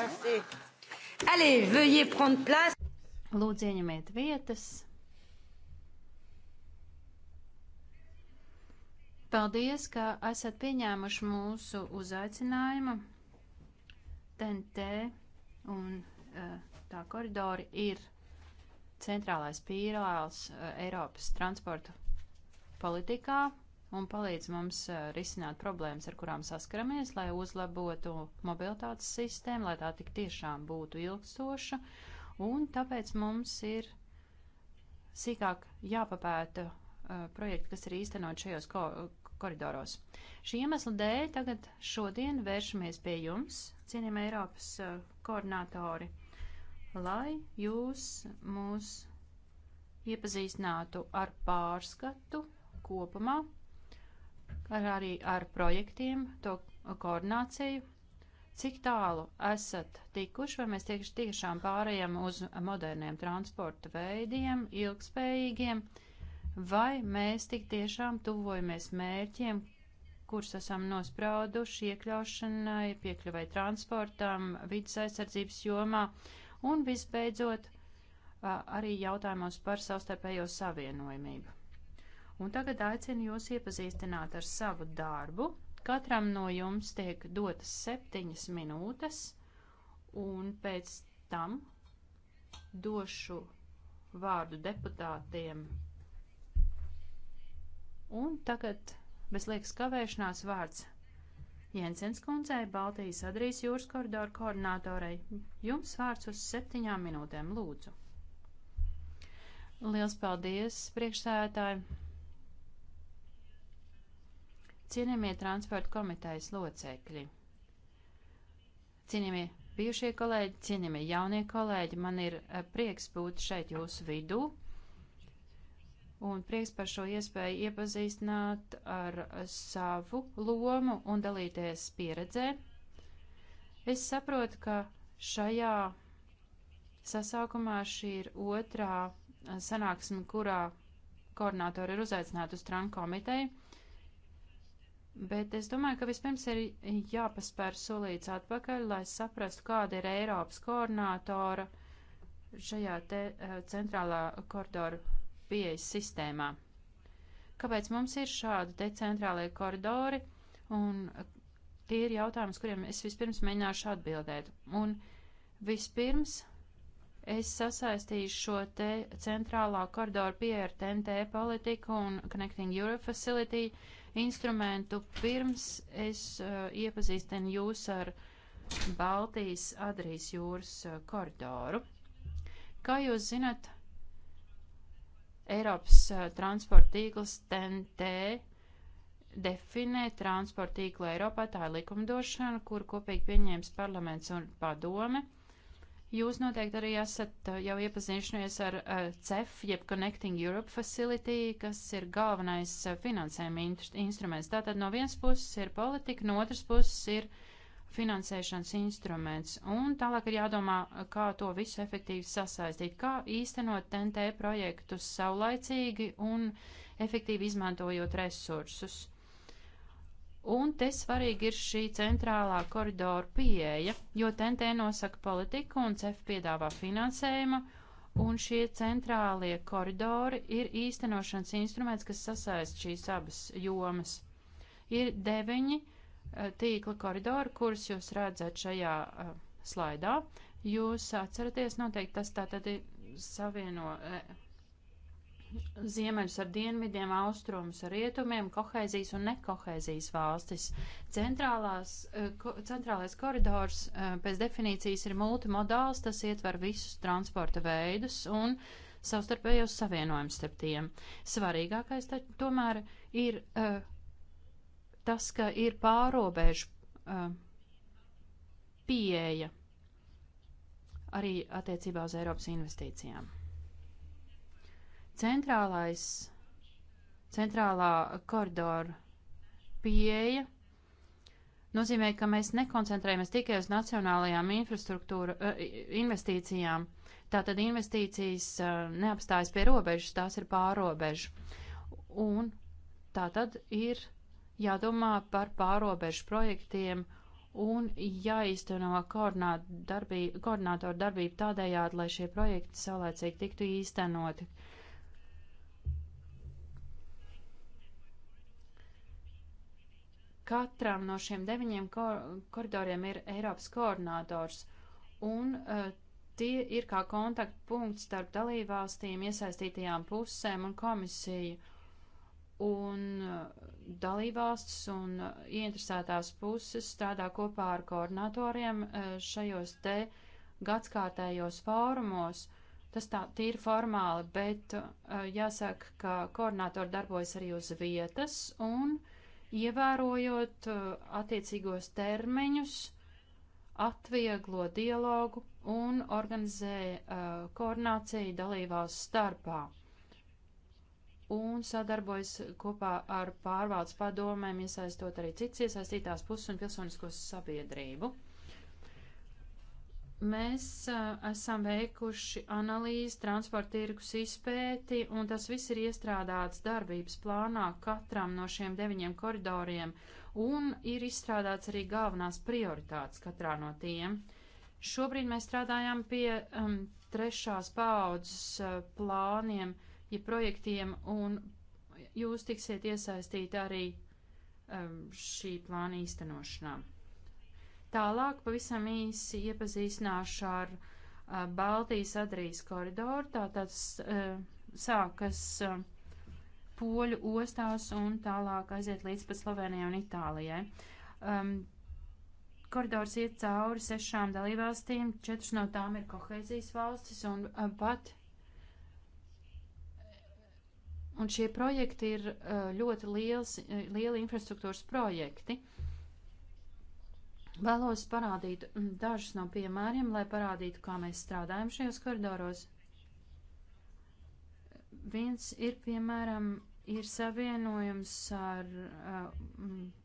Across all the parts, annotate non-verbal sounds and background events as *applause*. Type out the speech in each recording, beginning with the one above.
Merci. Allez, veuillez prendre place. Lūdzu, ieņemiet vietas. Paldies, ka esat pieņēmuši mūsu uzaicinājumu. TNT un eh, tā koridori ir centrālais pīrāls eh, Eiropas transporta politikā, un palīdz mums risināt problēmas, ar kurām saskaramies, lai uzlabotu mobilitātes sistēmu, lai tā tik tiešām būtu ilgstoša, un tāpēc mums ir sīkāk jāpapēta uh, projekti, kas ir īstenot šajos ko koridoros. Šī iemesla dēļ tagad šodien vēršamies pie jums, cienījamie Eiropas uh, koordinātori, lai jūs mūs iepazīstinātu ar pārskatu kopumā ar arī ar projektiem, to koordināciju, cik tālu esat tikuši, vai mēs tieši tiešām pārējām uz moderniem transporta veidiem, ilgspējīgiem, vai mēs tik tiešām tuvojamies mērķiem, kurus esam nosprauduši iekļaušanai, piekļuvai transportam, vidas aizsardzības jomā un visbeidzot arī jautājumos par savstarpējo savienojumību. Un tagad aicinu jūs iepazīstināt ar savu darbu. Katram no jums tiek dotas septiņas minūtes, un pēc tam došu vārdu deputātiem. Un tagad bez liekas kavēšanās vārds Jensens kundzei, Baltijas Adrijas jūras koridoru koordinātorei. Jums vārds uz septiņām minūtēm, lūdzu. Liels paldies, priekšsēdētāji! Cienījamie transporta komitejas locekļi, cienījamie bijušie kolēģi, cienījamie jaunie kolēģi, man ir eh, prieks būt šeit jūsu vidū un prieks par šo iespēju iepazīstināt ar eh, savu lomu un dalīties pieredzē. Es saprotu, ka šajā sasaukumā šī ir otrā eh, sanāksme, kurā koordinātori ir uzaicināti uz trankomiteju. komiteju. Bet es domāju, ka vispirms ir jāpaspēr solīts atpakaļ, lai saprastu, kāda ir Eiropas koordinātora šajā te, eh, centrālā koridoru pieejas sistēmā. Kāpēc mums ir šādi decentrālie koridori? Un tie eh, ir jautājums, kuriem es vispirms mēģināšu atbildēt. Un vispirms es sasaistīšu šo te centrālā koridoru pieeja ar TNT politiku un Connecting Europe Facility. Uh, instrumentu. Pirms es uh, iepazīstinu jūs ar Baltijas Adrijas jūras uh, koridoru. Kā jūs zinat, Eiropas uh, transporta tīkls TNT definē transporta tīklu Eiropā tā likumdošana, kur kopīgi pieņēms parlaments un padome. Jūs noteikti arī esat eh, jau iepazinušies ar eh, CEF, jeb Connecting Europe Facility, kas ir galvenais eh, finansējuma instruments. Tātad no vienas puses ir politika, no otras puses ir finansēšanas instruments. Un tālāk ir jādomā, kā to visu efektīvi sasaistīt, kā īstenot TNT projektus saulaicīgi un efektīvi izmantojot resursus. Un te svarīgi ir šī centrālā koridora pieeja, jo TNT nosaka politiku un CEF piedāvā finansējumu, un šie centrālie koridori ir īstenošanas instruments, kas sasaist šīs abas jomas. Ir deviņi eh, tīkla koridori, kurus jūs redzat šajā uh, slaidā. Jūs atceraties, noteikti tas tātad ir savieno. Uh, ziemeļus ar dienvidiem, austrumus ar rietumiem, kohēzijas un nekohēzijas valstis. Centrālās, eh, ko, centrālais koridors eh, pēc definīcijas ir multimodāls, tas ietver visus transporta veidus un savstarpējos savienojumus starp tiem. Svarīgākais tā, tomēr ir uh, tas, ka ir pārobežu uh, pieeja arī attiecībā uz Eiropas investīcijām. Centrālais, centrālā koridora pieeja nozīmē, ka mēs nekoncentrējamies tikai uz nacionālajām infrastruktūra eh, investīcijām. Tātad investīcijas eh, neapstājas pie robežas, tās ir pārobežu. Un tātad ir jādomā par pārobežu projektiem un jāīsteno koordinātoru darbību tādējādi, lai šie projekti saulēcīgi tiktu īstenoti. Uh, Katram no šiem deviņiem koridoriem ir Eiropas koordinators, un uh, tie ir kā kontaktpunkts starp dalībvalstīm, iesaistītajām pusēm un komisiju. Un uh, dalībvalstis un uh, ieinteresētās puses strādā kopā ar koordinatoriem šajos te gadskārtējos fórumos. Tas tā tīri formāli, bet jāsaka, ka koordinatori darbojas arī uz vietas un uh, ievērojot uh, attiecīgos termiņus, atvieglo dialogu un organizē uh, koordināciju dalībās starpā un sadarbojas kopā ar pārvaldes padomēm, iesaistot arī citas iesaistītās puses un pilsoniskos sabiedrību. Mēs uh, esam veikuši analīzi, transporta tirgus izpēti, un tas viss ir iestrādāts darbības plānā katram no šiem deviņiem koridoriem, un ir izstrādāts arī galvenās prioritātes katrā no tiem. Šobrīd mēs strādājam pie um, trešās paaudzes uh, plāniem, ja projektiem, un jūs tiksiet iesaistīti arī um, šī plāna īstenošanā. Tālāk pavisam īsi iepazīstināšu ar uh, Baltijas Adrijas koridoru. Tā tas uh, sākas uh, Poļu ostās un tālāk aiziet līdz pat Slovenijai un Itālijai. Um, koridors iet cauri sešām dalībvalstīm, četras no tām ir kohēzijas valstis un uh, pat. Un šie projekti ir uh, ļoti liels, lieli infrastruktūras projekti. Uh, Vēlos parādīt mm, dažus no piemēriem, lai parādītu, kā mēs strādājam šajos koridoros. Viens ir, piemēram, ir savienojums ar uh,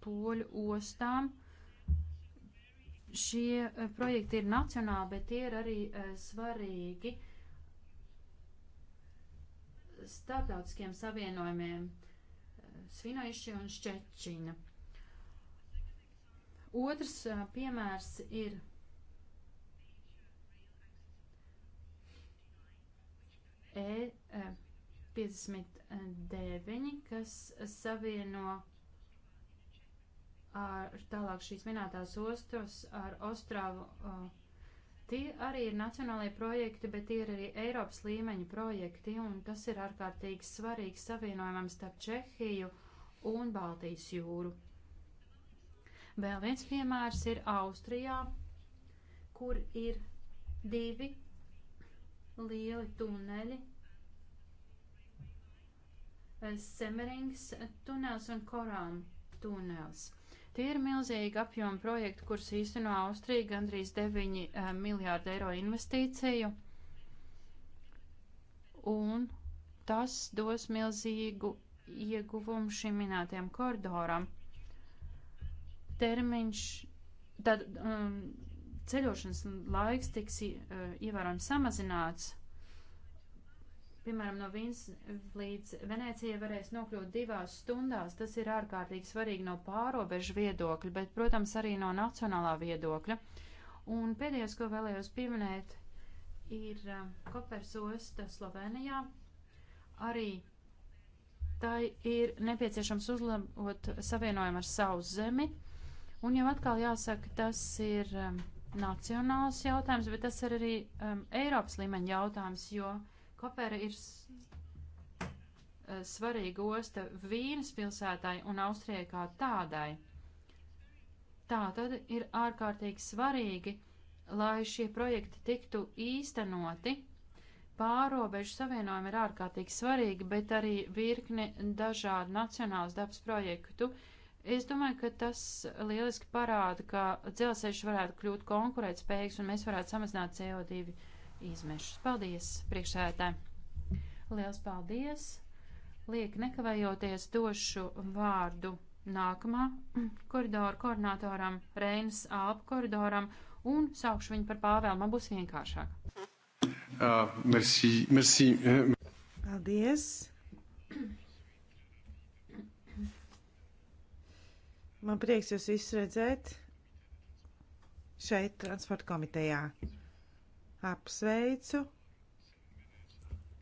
poļu ostām. Šie uh, projekti ir nacionāli, bet tie ir arī uh, svarīgi starptautiskiem savienojumiem uh, Svinoiši un Šķečina. Otrs piemērs ir E59, kas savieno ar tālāk šīs minētās ostas ar Ostrāvu. Tie arī ir nacionālajie projekti, bet tie ir arī Eiropas līmeņa projekti, un tas ir ārkārtīgi svarīgs savienojumam starp Čehiju un Baltijas jūru. Vēl viens piemērs ir Austrijā, kur ir divi lieli tuneļi. Semerings tunels un Korāna tunels. Tie ir milzīgi apjoma projekti, kurus īsteno Austrija gandrīz 9 uh, eh, miljārdu eiro investīciju. Un tas dos milzīgu ieguvumu šim minētajam koridoram termiņš, tad um, ceļošanas laiks tiks uh, ievērojami samazināts. Piemēram, no Vīns līdz Venecijai varēs nokļūt divās stundās. Tas ir ārkārtīgi svarīgi no pārobežu viedokļa, bet, protams, arī no nacionālā viedokļa. Un pēdējais, ko vēlējos pieminēt, ir uh, Kopers osta Slovenijā. Arī tai ir nepieciešams uzlabot savienojumu ar savu zemi. Uh, Un jau atkal jāsaka, tas ir um, nacionāls jautājums, bet tas ir arī um, Eiropas līmeņa jautājums, jo Kopera ir uh, svarīga osta Vīnas pilsētai un Austrijai kā tādai. Tā tad ir ārkārtīgi svarīgi, lai šie projekti tiktu īstenoti. Pārobežu savienojumi ir ārkārtīgi svarīgi, bet arī virkne dažādu nacionālas dabas projektu uh, Es domāju, ka tas lieliski parāda, ka dzelzceļš varētu kļūt konkurētspējīgs un mēs varētu samazināt CO2 izmešus. Paldies, priekšsēdētāji! Liels paldies! Liek nekavējoties došu vārdu nākamā koridora koordinatoram, Reinas Alpu koridoram un saukšu viņu par Pāvēlu. Man būs vienkāršāk. Uh, merci, merci. Paldies! Man prieks jūs visus redzēt šeit, transporta komitejā. Apsveicu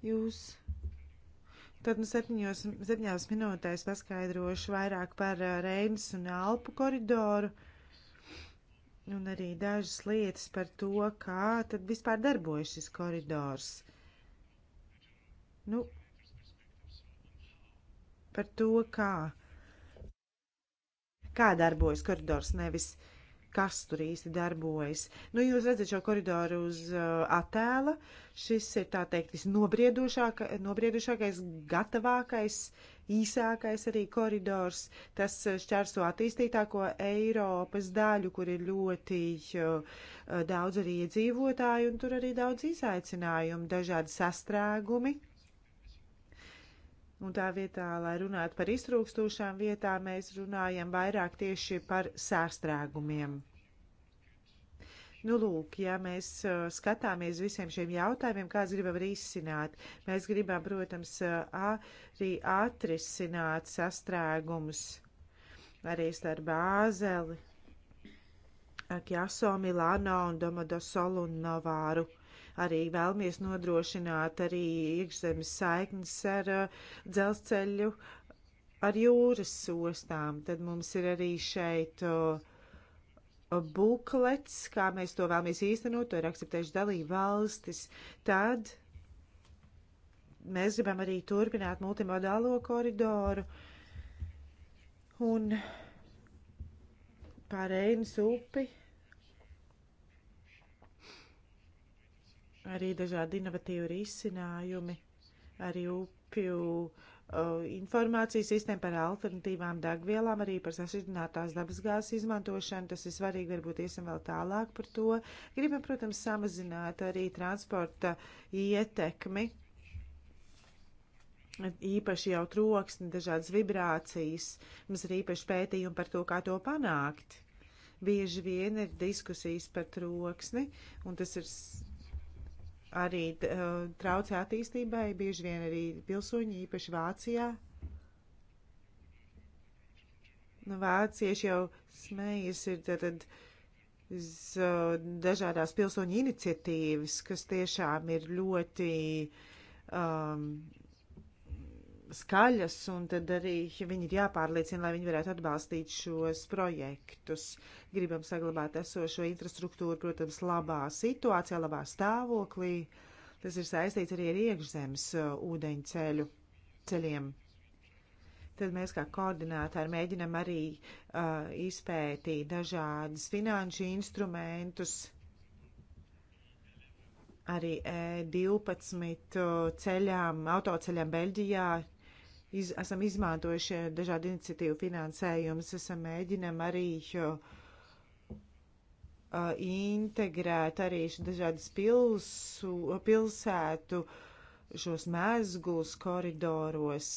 jūs. Tad nu septiņos, septiņās minūtēs paskaidrošu vairāk par eh, Reinas un Alpu koridoru un arī dažas lietas par to, kā tad vispār darbojas šis koridors. Nu, par to, kā kā darbojas koridors, nevis kas tur īsti darbojas. Nu, jūs redzat šo koridoru uz uh, attēla. Šis ir tā teikt visnobriedušāka, nobriedušākais, gatavākais, īsākais arī koridors. Tas uh, šķērso attīstītāko Eiropas daļu, kur ir ļoti uh, daudz arī iedzīvotāju, un tur arī daudz izaicinājumu, dažādi sastrēgumi Un tā vietā, lai runātu par iztrūkstošām vietām, mēs runājam vairāk tieši par sārstrēgumiem. Nu, lūk, ja mēs uh, skatāmies visiem šiem jautājumiem, kāds gribam risināt, mēs gribam, protams, uh, arī atrisināt sastrēgumus arī starp Bāzeli, Kjaso, Milāno un Domodo Solu un Novāru arī vēlamies nodrošināt arī iekšzemes saiknes ar uh, dzelzceļu, ar jūras ostām. Tad mums ir arī šeit uh, buklets, kā mēs to vēlamies īstenot, to ir akceptējuši dalību valstis. Tad mēs gribam arī turpināt multimodālo koridoru un pārējais upi arī dažādi inovatīvi risinājumi, arī upju uh, informācijas sistēma par alternatīvām degvielām, arī par sašķidrinātās dabasgāzes izmantošanu. Tas ir svarīgi, varbūt iesim vēl tālāk par to. Gribam, protams, samazināt arī transporta ietekmi, īpaši jau troksni, dažādas vibrācijas. Mums ir īpaši pētījumi par to, kā to panākt. Bieži vien ir diskusijas par troksni, un tas ir arī uh, traucē attīstībai, bieži vien arī pilsoņi, īpaši Vācijā. Nu, vācieši jau smējas ir tad, tad dažādās pilsoņu iniciatīvas, kas tiešām ir ļoti um, skaļas, un tad arī viņi ir jāpārliecina, lai viņi varētu atbalstīt šos projektus. Gribam saglabāt esošo infrastruktūru, protams, labā situācijā, labā stāvoklī. Tas ir saistīts arī ar iekšzemes uh, ūdeņceļu ceļiem tad mēs kā koordinātori mēģinam arī uh, izpētīt dažādas finanšu instrumentus, arī E12 uh, ceļām, autoceļām Beļģijā iz, esam izmantojuši dažādu iniciatīvu finansējumus, esam mēģinam arī jo, uh, integrēt arī dažādas pilsu, pilsētu šos mēzgulus koridoros.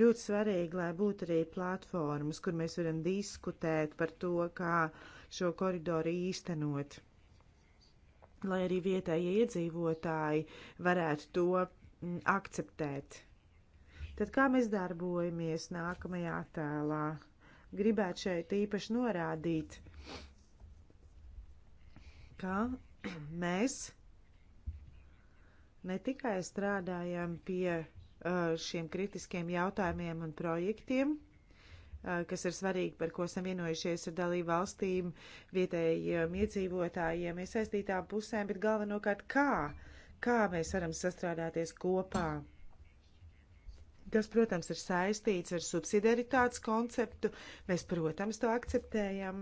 Ļoti svarīgi, lai būtu arī platformas, kur mēs varam diskutēt par to, kā šo koridoru īstenot, lai arī vietējie iedzīvotāji varētu to Mm, akceptēt. Tad kā mēs darbojamies nākamajā tēlā? Gribētu šeit īpaši norādīt, ka *clears throat* mēs ne tikai strādājam pie uh, šiem kritiskiem jautājumiem un projektiem, uh, kas ir svarīgi, par ko esam vienojušies ar dalību valstīm, vietējiem iedzīvotājiem, iesaistītām pusēm, bet galvenokārt kā kā mēs varam sastrādāties kopā. Tas, protams, ir saistīts ar subsidiaritātes konceptu. Mēs, protams, to akceptējam.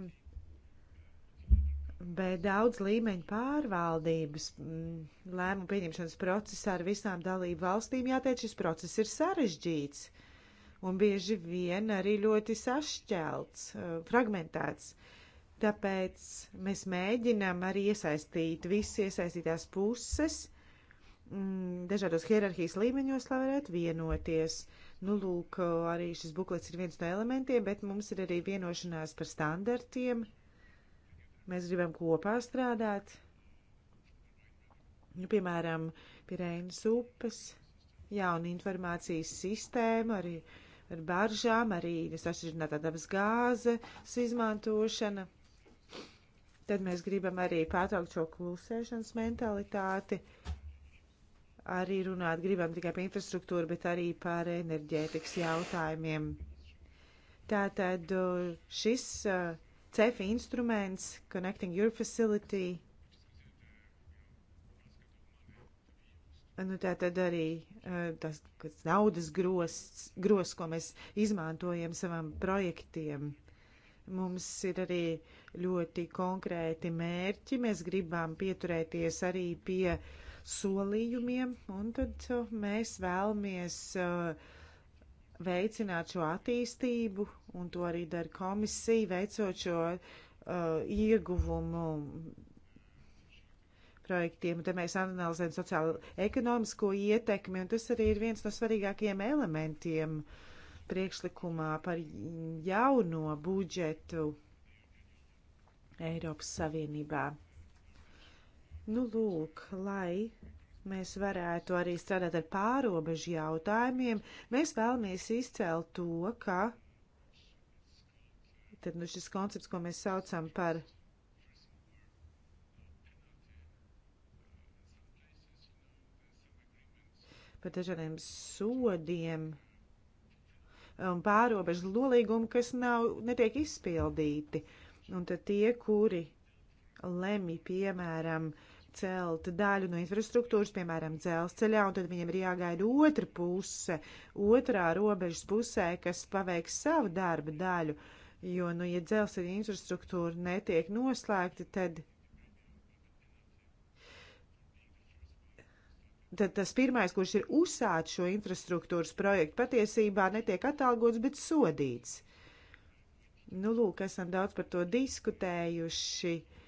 Bet daudz līmeņu pārvaldības mm, lēmumu pieņemšanas procesā ar visām dalību valstīm jāteic, šis process ir sarežģīts un bieži vien arī ļoti sašķelts, eh, fragmentēts. Tāpēc mēs mēģinām arī iesaistīt visas iesaistītās puses, uh, mm, dažādos hierarhijas līmeņos, lai varētu vienoties. Nu, lūk, arī šis buklets ir viens no elementiem, bet mums ir arī vienošanās par standartiem. Mēs gribam kopā strādāt. Nu, piemēram, pie Reinas upes jauna informācijas sistēma, arī ar baržām, arī sašķirinātā dabas gāzes izmantošana. Tad mēs gribam arī pārtraukt šo klusēšanas mentalitāti, arī runāt gribam tikai par infrastruktūru, bet arī par enerģētikas jautājumiem. Tātad šis CEF instruments, Connecting Europe Facility, nu, tā tad arī tas naudas grosts, gros, ko mēs izmantojam savam projektiem. Mums ir arī ļoti konkrēti mērķi. Mēs gribam pieturēties arī pie uh, solījumiem, un tad uh, mēs vēlamies uh, veicināt šo attīstību, un to arī dara komisija, veicot šo uh, ieguvumu projektiem, un te mēs analizējam sociālo ekonomisko ietekmi, un tas arī ir viens no svarīgākajiem elementiem priekšlikumā par jauno budžetu Eiropas Savienībā. Nu, lūk, lai mēs varētu arī strādāt ar pārobežu jautājumiem, mēs vēlamies izcelt to, ka tad, nu, šis koncepts, ko mēs saucam par par dažādiem sodiem un pārobežu nolīgumu, kas nav, netiek izpildīti. Un tad tie, kuri lemj, piemēram, uh, celt daļu no infrastruktūras, piemēram, dzelzceļā, un tad viņiem ir jāgaida otra puse, otrā robežas pusē, kas paveiks savu darba daļu. Jo, nu, ja dzelzceļa infrastruktūra netiek noslēgta, tad, tad tas pirmais, kurš ir uzsācis šo infrastruktūras projektu, patiesībā netiek atalgots, bet sodīts. Nu, lūk, esam daudz par to diskutējuši. Uh,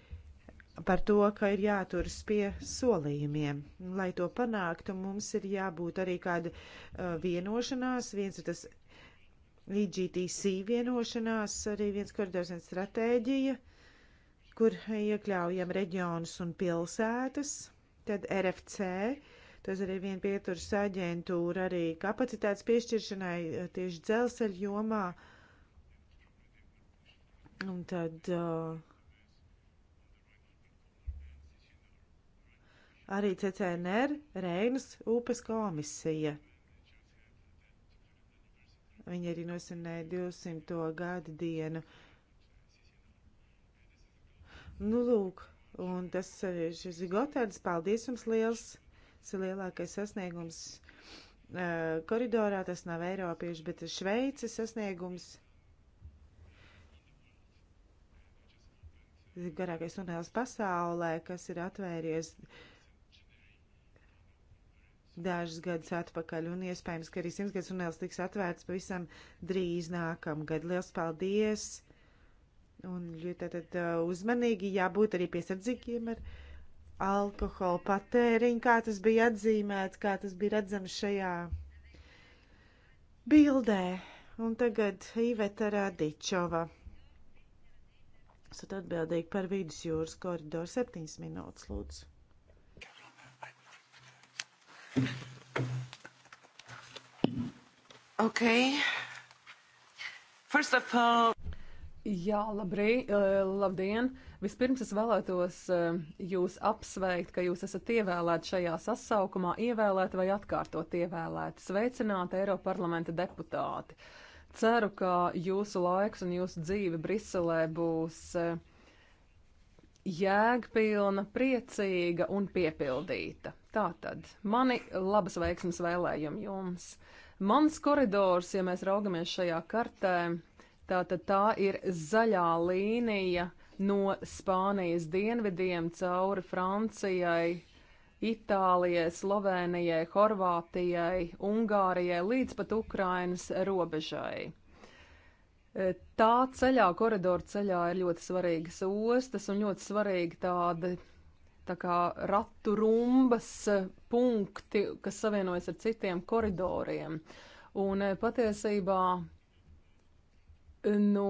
par to, ka ir jāturas pie solījumiem. Lai to panāktu, mums ir jābūt arī kāda uh, vienošanās. Viens ir tas IGTC vienošanās, arī viens koridors, viens stratēģija, kur iekļaujam reģionus un pilsētas, tad RFC. Tas arī vien pieturas aģentūra arī kapacitātes piešķiršanai uh, tieši dzelzceļa jomā. Un tad uh, arī CCNR Reinas upes komisija. Viņi arī nosinēja 200. gada dienu. Nu, lūk, un tas eh, šis Gotards, paldies jums liels, tas ir lielākais sasniegums eh, koridorā, tas nav Eiropiešu, bet Šveices sasniegums. Tas ir garākais tunels pasaulē, kas ir atvēries uh, dažus gadus atpakaļ, un iespējams, ka arī simts gadus runēls tiks atvērts pavisam drīz nākamgad. Liels paldies! Un tātad uh, uzmanīgi jābūt arī piesardzīgiem ar alkohola patēriņu, kā tas bija atzīmēts, kā tas bija redzams šajā bildē. Un tagad Iveta Radičova. Esat atbildīgi par vidusjūras koridoru. Septiņas minūtes, lūdzu. Okay. First of all. Jā, labrī, eh, labdien! Vispirms es vēlētos eh, jūs apsveikt, ka jūs esat ievēlēti šajā sasaukumā, ievēlēti vai atkārtot ievēlēti. Sveicināti Eiropa parlamenta deputāti! Ceru, ka jūsu laiks un jūsu dzīve Briselē būs uh, jēgpilna, priecīga un piepildīta. Tātad, mani labas veiksmes vēlējumi jums. Mans koridors, ja mēs raugamies šajā kartē, tātad tā ir zaļā līnija no Spānijas dienvidiem cauri Francijai, Itālijai, Slovenijai, Horvātijai, Ungārijai līdz pat Ukrainas robežai. Tā ceļā, koridoru ceļā ir ļoti svarīgas ostas un ļoti svarīgi tādi tā kā ratu rumbas punkti, kas savienojas ar citiem koridoriem. Un e, patiesībā no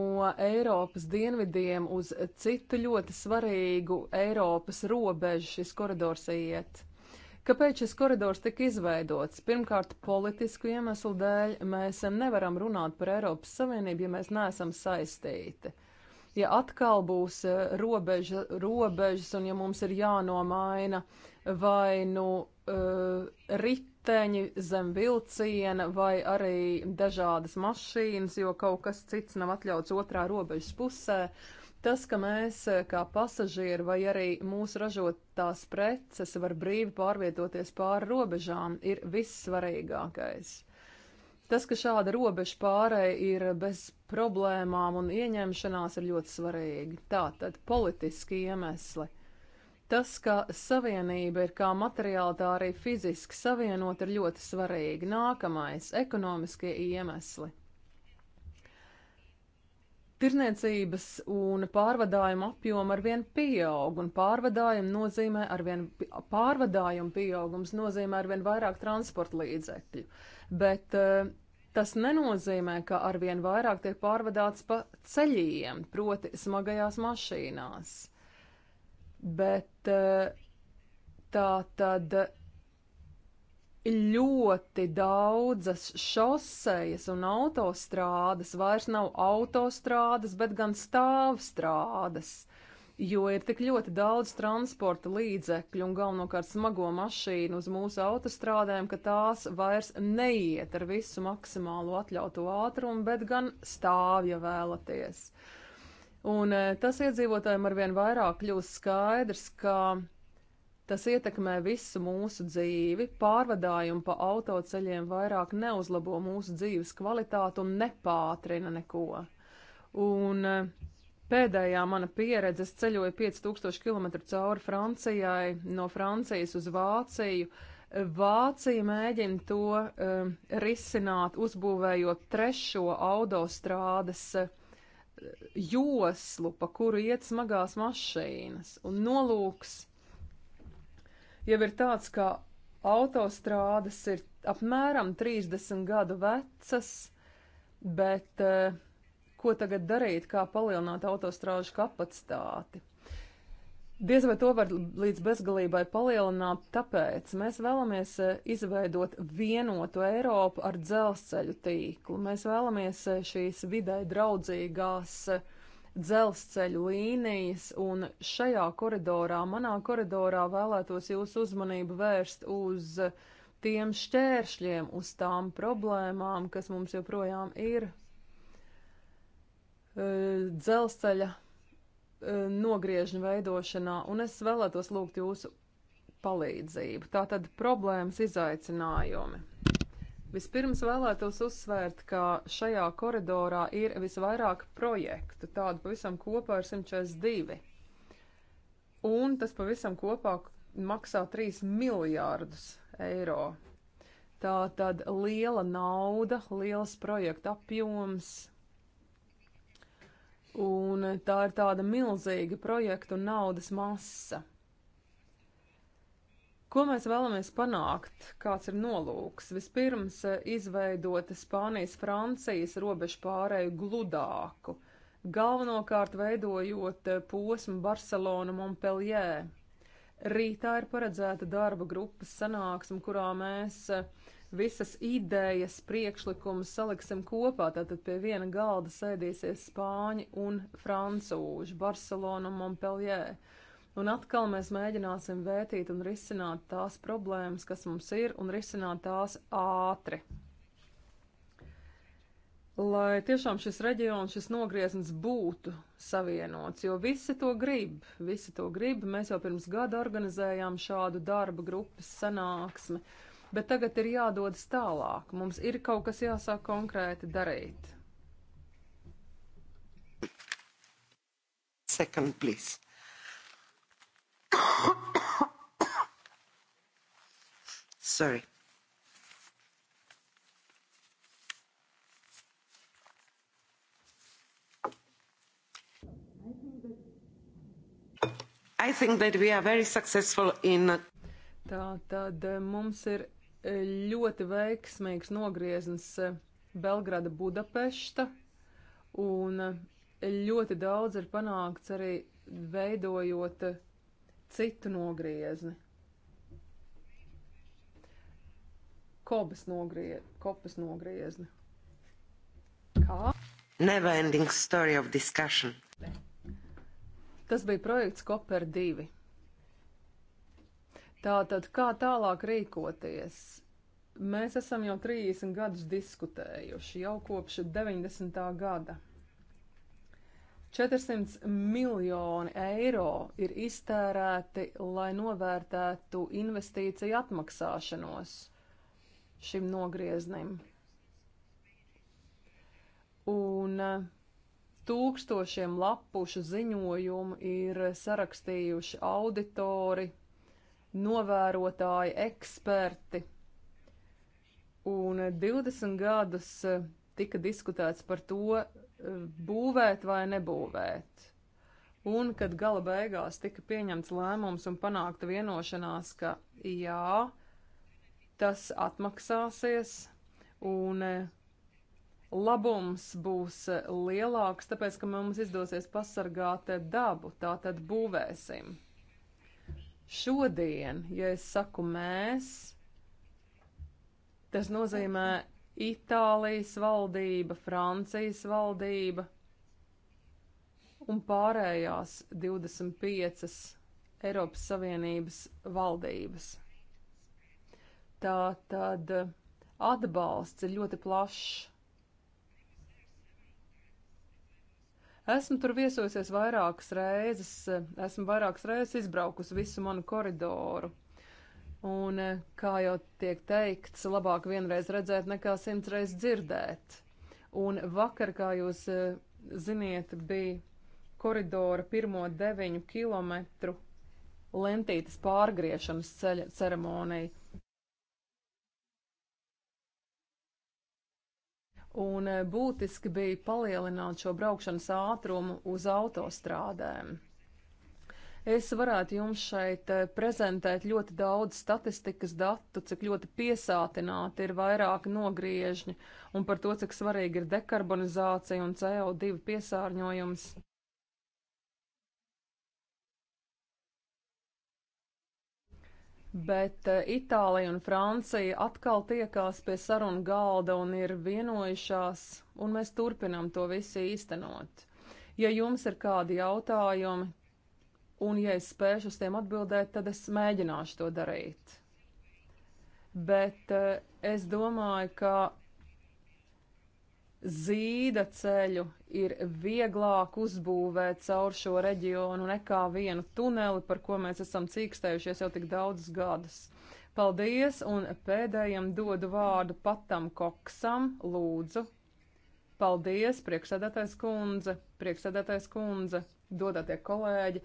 Eiropas dienvidiem uz citu ļoti svarīgu Eiropas robežu šis koridors iet. Kāpēc šis koridors tika izveidots? Pirmkārt, politisku iemeslu dēļ mēs nevaram runāt par Eiropas Savienību, ja mēs neesam saistīti. Ja atkal būs eh, robeža, robežas un ja mums ir jānomaina vai nu uh, riteņi zem vilciena vai arī dažādas mašīnas, jo kaut kas cits nav atļauts otrā robežas pusē, uh, Tas, ka mēs eh, kā pasažieri vai arī mūsu ražotās preces var brīvi pārvietoties pāri robežām, ir vissvarīgākais. Tas, ka šāda robeža pārēja ir bez problēmām un ieņemšanās, ir ļoti svarīgi. Tātad politiski iemesli. Tas, ka savienība ir kā materiāli, tā arī fiziski savienot, ir ļoti svarīgi. Nākamais - ekonomiskie iemesli. Tirniecības un pārvadājuma apjoma arvien pieaug, un pārvadājuma nozīmē arvien, pārvadājuma pieaugums nozīmē arvien vairāk transporta līdzekļu, bet uh, tas nenozīmē, ka arvien vairāk tiek pārvadāts pa ceļiem, proti smagajās mašīnās. Bet uh, tā tad ļoti daudzas šosejas un autostrādes vairs nav autostrādes, bet gan stāvstrādes, jo ir tik ļoti daudz transporta līdzekļu un galvenokārt smago mašīnu uz mūsu autostrādēm, ka tās vairs neiet ar visu maksimālo atļautu ātrumu, bet gan stāv, ja vēlaties. Un eh, tas iedzīvotājiem arvien vairāk kļūst skaidrs, ka Tas ietekmē visu mūsu dzīvi, pārvadājumi pa autoceļiem vairāk neuzlabo mūsu dzīves kvalitāti un nepātrina neko. Un eh, pēdējā mana pieredze, es ceļoju 5000 km cauri Francijai, no Francijas uz Vāciju. Vācija mēģina to um, risināt, uzbūvējot trešo autostrādes eh, joslu, pa kuru iet smagās mašīnas. Un nolūks jau ir tāds, ka autostrādes ir apmēram 30 gadu vecas, bet eh, ko tagad darīt, kā palielināt autostrāžu kapacitāti? Diez vai to var līdz bezgalībai palielināt, tāpēc mēs vēlamies eh, izveidot vienotu Eiropu ar dzelzceļu tīklu. Mēs vēlamies eh, šīs vidē draudzīgās uh, dzelzceļu līnijas, un šajā koridorā, manā koridorā vēlētos jūsu uzmanību vērst uz tiem šķēršļiem, uz tām problēmām, kas mums joprojām ir dzelzceļa nogriežņu veidošanā, un es vēlētos lūgt jūsu palīdzību. Tātad problēmas izaicinājumi. Vispirms vēlētos uzsvērt, ka šajā koridorā ir visvairāk projektu, tādu pavisam kopā ir 142. Un tas pavisam kopā maksā 3 miljārdus eiro. Tā tad liela nauda, liels projekta apjoms. Un tā ir tāda milzīga projektu un naudas masa. Ko mēs vēlamies panākt? Kāds ir nolūks? Vispirms eh, izveidot Spānijas-Francijas robežu pārēju gludāku, galvenokārt veidojot eh, posmu Barcelona-Montpellier. Rītā ir paredzēta darba grupas sanāksme, kurā mēs eh, visas idejas, priekšlikumus saliksim kopā. Tātad pie viena galda sēdīsies spāņi un francūži Barcelona un Montpellier. Un atkal mēs mēģināsim vētīt un risināt tās problēmas, kas mums ir, un risināt tās ātri. Lai tiešām šis reģions, šis nogrieznis būtu savienots, jo visi to grib, visi to grib. Mēs jau pirms gada organizējām šādu darba grupas sanāksmi, bet tagad ir jādodas tālāk. Mums ir kaut kas jāsāk konkrēti darīt. Second, please. Sorry. I think that we are very successful in. Uh, Tā tad uh, mums ir uh, ļoti veiksmīgs nogrieziens Belgrada Budapešta, un ļoti daudz ir panākts arī veidojot citu nogriezni. Kobas nogrie, kopas nogriezni. Kā? Never ending story of discussion. Tas bija projekts Koper 2. Tātad, kā tālāk rīkoties? Mēs esam jau 30 gadus diskutējuši, jau kopš 90. gada. 400 miljoni eiro ir iztērēti, lai novērtētu investīciju atmaksāšanos šim nogrieznim. Un eh, tūkstošiem lapušu ziņojumu ir sarakstījuši auditori, novērotāji, eksperti. Un 20 eh, gadus eh, tika diskutēts par to, būvēt vai nebūvēt. Un, kad gala beigās tika pieņemts lēmums un panākta vienošanās, ka jā, tas atmaksāsies un e, labums būs e, lielāks, tāpēc, ka mums izdosies pasargāt e, dabu, tā tad būvēsim. Šodien, ja es saku mēs, tas nozīmē Itālijas valdība, Francijas valdība un pārējās 25 Eiropas Savienības valdības. Tā tad atbalsts ir ļoti plašs. Esmu tur viesojusies vairākas reizes, esmu vairākas reizes izbraukusi visu manu koridoru. Un, eh, kā jau tiek teikts, labāk vienreiz redzēt nekā simtreiz dzirdēt. Un vakar, kā jūs eh, ziniet, bija koridora pirmo deviņu kilometru lentītes pārgriešanas ceļa ceremonija. Un eh, būtiski bija palielināt šo braukšanas ātrumu uz autostrādēm. Es varētu jums šeit eh, prezentēt ļoti daudz statistikas datu, cik ļoti piesātināti ir vairāki nogriežņi un par to, cik svarīgi ir dekarbonizācija un CO2 piesārņojums. Bet eh, Itālija un Francija atkal tiekās pie sarunu galda un ir vienojušās, un mēs turpinām to visu īstenot. Ja jums ir kādi jautājumi, un ja es spēšu uz tiem atbildēt, tad es mēģināšu to darīt. Bet eh, es domāju, ka zīda ceļu ir vieglāk uzbūvēt caur šo reģionu nekā vienu tuneli, par ko mēs esam cīkstējušies jau tik daudzus gadus. Paldies, un pēdējiem dodu vārdu patam koksam, lūdzu. Paldies, priekšsēdētājs kundze, priekšsēdētājs kundze, dodātie kolēģi.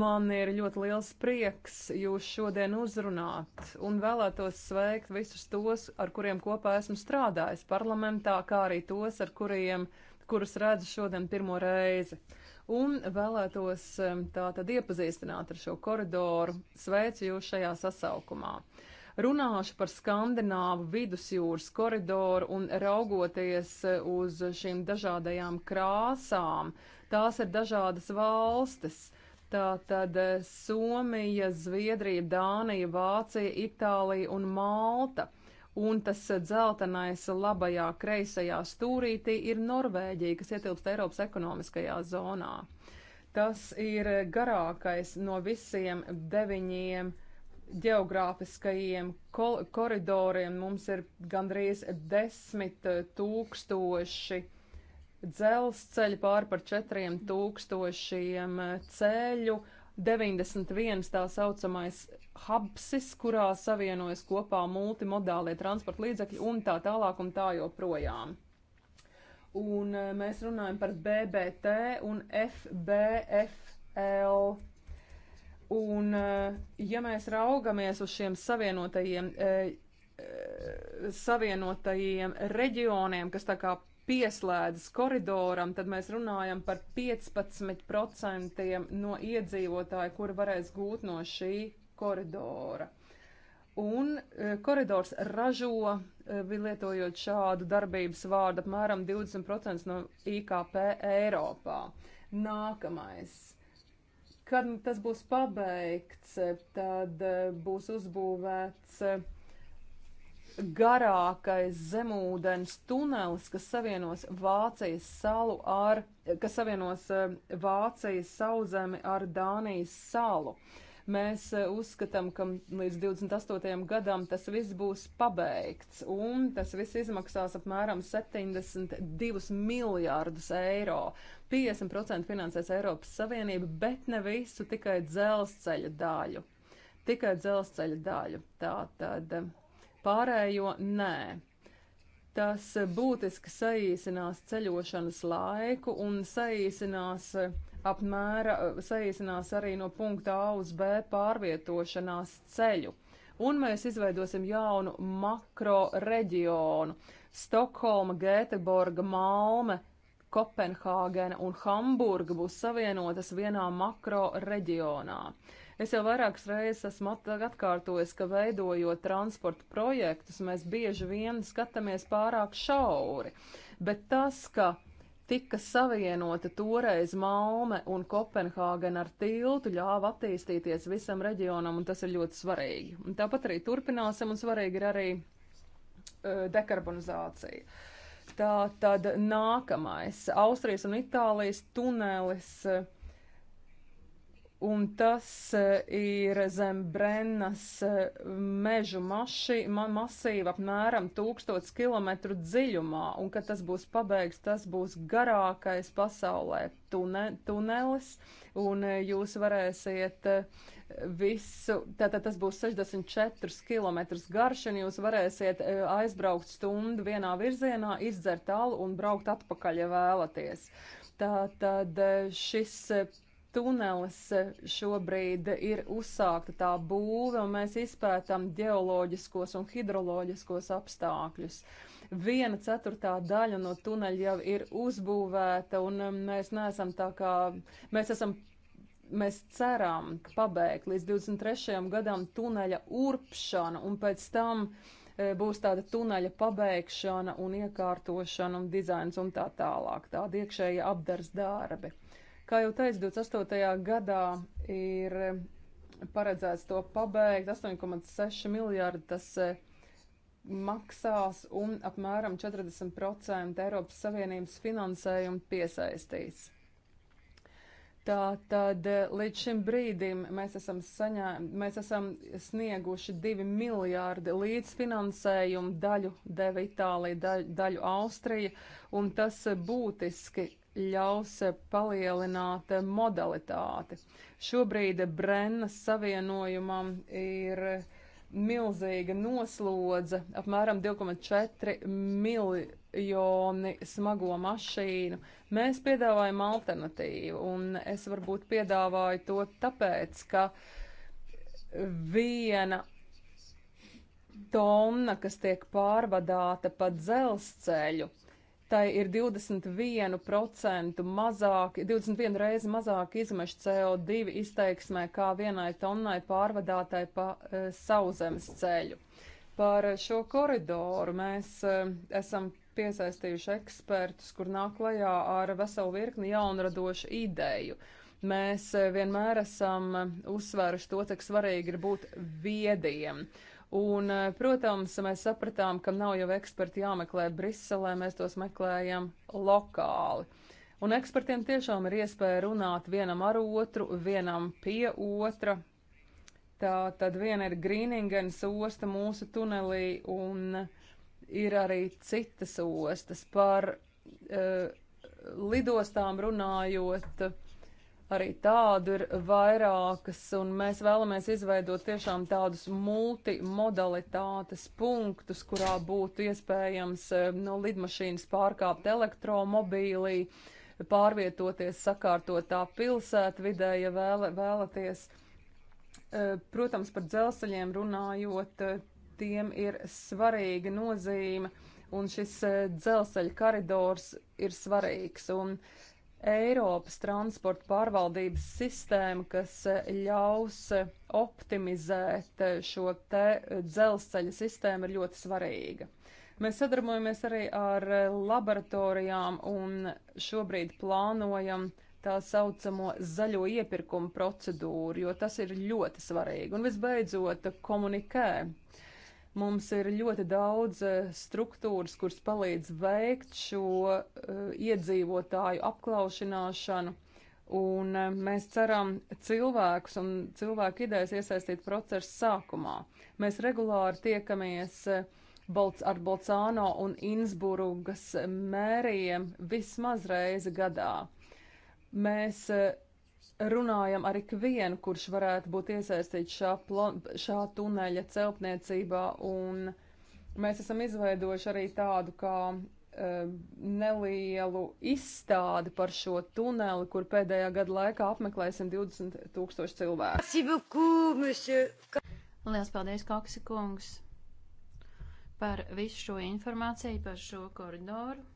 Man ir ļoti liels prieks jūs šodien uzrunāt un vēlētos sveikt visus tos, ar kuriem kopā esmu strādājis parlamentā, kā arī tos, ar kuriem, kurus redzu šodien pirmo reizi. Un vēlētos tā tad iepazīstināt ar šo koridoru. Sveicu jūs šajā sasaukumā runāšu par Skandināvu vidusjūras koridoru un raugoties eh, uz šīm dažādajām krāsām, Tās ir dažādas valstis. Tātad eh, Somija, Zviedrija, Dānija, Vācija, Itālija un Malta. Un tas eh, dzeltenais labajā kreisajā stūrītī ir Norvēģija, kas ietilpst Eiropas ekonomiskajā zonā. Tas ir eh, garākais no visiem deviņiem geogrāfiskajiem koridoriem. Mums ir gandrīz desmit tūkstoši. 000 dzelzceļa pār par 4000 ceļu, 91 tā saucamais hubsis, kurā savienojas kopā multimodālie transporta līdzekļi un tā tālāk un tā joprojām. Un e, mēs runājam par BBT un FBFL. Un, e, ja mēs raugamies uz šiem savienotajiem, eh, savienotajiem reģioniem, kas tā kā pieslēdzas koridoram, tad mēs runājam par 15% no iedzīvotāju, kuri varēs gūt no šī koridora. Un e, koridors ražo, e, lietojot šādu darbības vārdu, apmēram 20% no IKP Eiropā. Nākamais. Kad tas būs pabeigts, e, tad būs uzbūvēts garākais zemūdens tunelis, kas savienos Vācijas salu ar, kas savienos eh, Vācijas sauzemi ar Dānijas salu. Mēs eh, uzskatām, ka līdz 28. gadam tas viss būs pabeigts, un tas viss izmaksās apmēram 72 miljārdus eiro. 50% finansēs Eiropas Savienība, bet ne visu, tikai dzelzceļa daļu. Tikai dzelzceļa daļu. Tā tad eh, pārējo nē. Tas būtiski saīsinās ceļošanas laiku un saīsinās apmēra, saīsinās arī no punkta A uz B pārvietošanās ceļu. Un mēs izveidosim jaunu makro reģionu - Stokholma, Gēteborga, Malme, Kopenhāgena un Hamburga būs savienotas vienā makro reģionā. Uh, Es jau vairākas reizes esmu atkārtojis, ka veidojot transporta projektus, mēs bieži vien skatāmies pārāk šauri, bet tas, ka tika savienota toreiz Malme un Kopenhāgena ar tiltu, ļāva attīstīties visam reģionam, un tas ir ļoti svarīgi. Un tāpat arī turpināsim, un svarīgi ir arī uh, dekarbonizācija. Tā tad nākamais - Austrijas un Itālijas tunelis. Uh, un tas eh, ir zem Brennas eh, mežu maši, man masīva apmēram tūkstots kilometru dziļumā, un kad tas būs pabeigts, tas būs garākais pasaulē tune, tunelis, un eh, jūs varēsiet visu, tātad tas būs 64 km garš, un jūs varēsiet aizbraukt stundu vienā virzienā, izdzert alu un braukt atpakaļ, ja vēlaties. Tātad šis tunelis šobrīd ir uzsākta tā būve, un mēs izpētām geoloģiskos un hidroloģiskos apstākļus. Viena ceturtā daļa no tuneļa jau ir uzbūvēta, un um, mēs neesam tā kā, mēs esam, mēs ceram pabeigt līdz 23. gadam tuneļa urpšanu, un pēc tam e, būs tāda tuneļa pabeigšana un iekārtošana un dizains un tā tālāk, tāda iekšēja apdars darbi. Kā jau teicu, 28. gadā ir paredzēts to pabeigt. 8,6 miljārdi tas e, maksās un apmēram 40% Eiropas Savienības finansējumu piesaistīs. Tā tad e, līdz šim brīdim mēs esam, saņē, mēs esam snieguši 2 miljārdi līdzfinansējumu, daļu deva Itālija, daļu, daļu Austrija, un tas e, būtiski ļaus eh, palielināt eh, modalitāti. Šobrīd Brennas savienojumam ir eh, milzīga noslodze, apmēram 2,4 miljoni smago mašīnu. Mēs piedāvājam alternatīvu, un es varbūt piedāvāju to tāpēc, ka viena tonna, kas tiek pārvadāta pa dzelzceļu, tai ir 21% mazāk, 21 reizi mazāk izmešu CO2 izteiksmē kā vienai tonnai pārvadātai pa e, sauzemes ceļu. Par šo koridoru mēs e, esam piesaistījuši ekspertus, kur nāk klajā ar veselu virkni jaunradošu ideju. Mēs e, vienmēr esam uzsvēruši to, cik svarīgi ir būt viediem. Uh, Un, eh, protams, mēs sapratām, ka nav jau eksperti jāmeklē Briselē, mēs tos meklējam lokāli. Un ekspertiem tiešām ir iespēja runāt vienam ar otru, vienam pie otra. Tā tad viena ir Grīningens osta mūsu tunelī, un ir arī citas ostas par uh, lidostām runājot. Uh, arī tādu ir vairākas, un mēs vēlamies izveidot tiešām tādus multimodalitātes punktus, kurā būtu iespējams eh, no nu, lidmašīnas pārkāpt elektromobīlī, pārvietoties sakārtotā pilsētvidē, ja vēla, vēlaties. Eh, protams, par dzelzceļiem runājot, eh, tiem ir svarīga nozīme, un šis dzelzceļa koridors ir svarīgs. Un, uh, Eiropas transporta pārvaldības sistēma, kas eh, ļaus eh, optimizēt eh, šo te dzelzceļa sistēmu, ir ļoti svarīga. Mēs sadarbojamies arī ar laboratorijām un šobrīd plānojam tā saucamo zaļo iepirkumu procedūru, jo tas ir ļoti svarīgi. Un visbeidzot, komunikē. Uh, Mums ir ļoti daudz e, struktūras, kuras palīdz veikt šo e, iedzīvotāju apklaušanāšanu, un e, mēs ceram cilvēkus un cilvēku idejas iesaistīt procesa sākumā. Mēs regulāri tiekamies Bolts ar Bolcāno un Innsbrugas mēriem vismaz reizi gadā. Mēs runājam ar ikvienu, kurš varētu būt iesaistīts šā, plon, šā tuneļa celtniecībā, un mēs esam izveidojuši arī tādu kā um, nelielu izstādi par šo tuneli, kur pēdējā gada laikā apmeklēsim 20 tūkstoši cilvēku. Lielas paldies, Koksi kungs, par visu šo informāciju, par šo koridoru.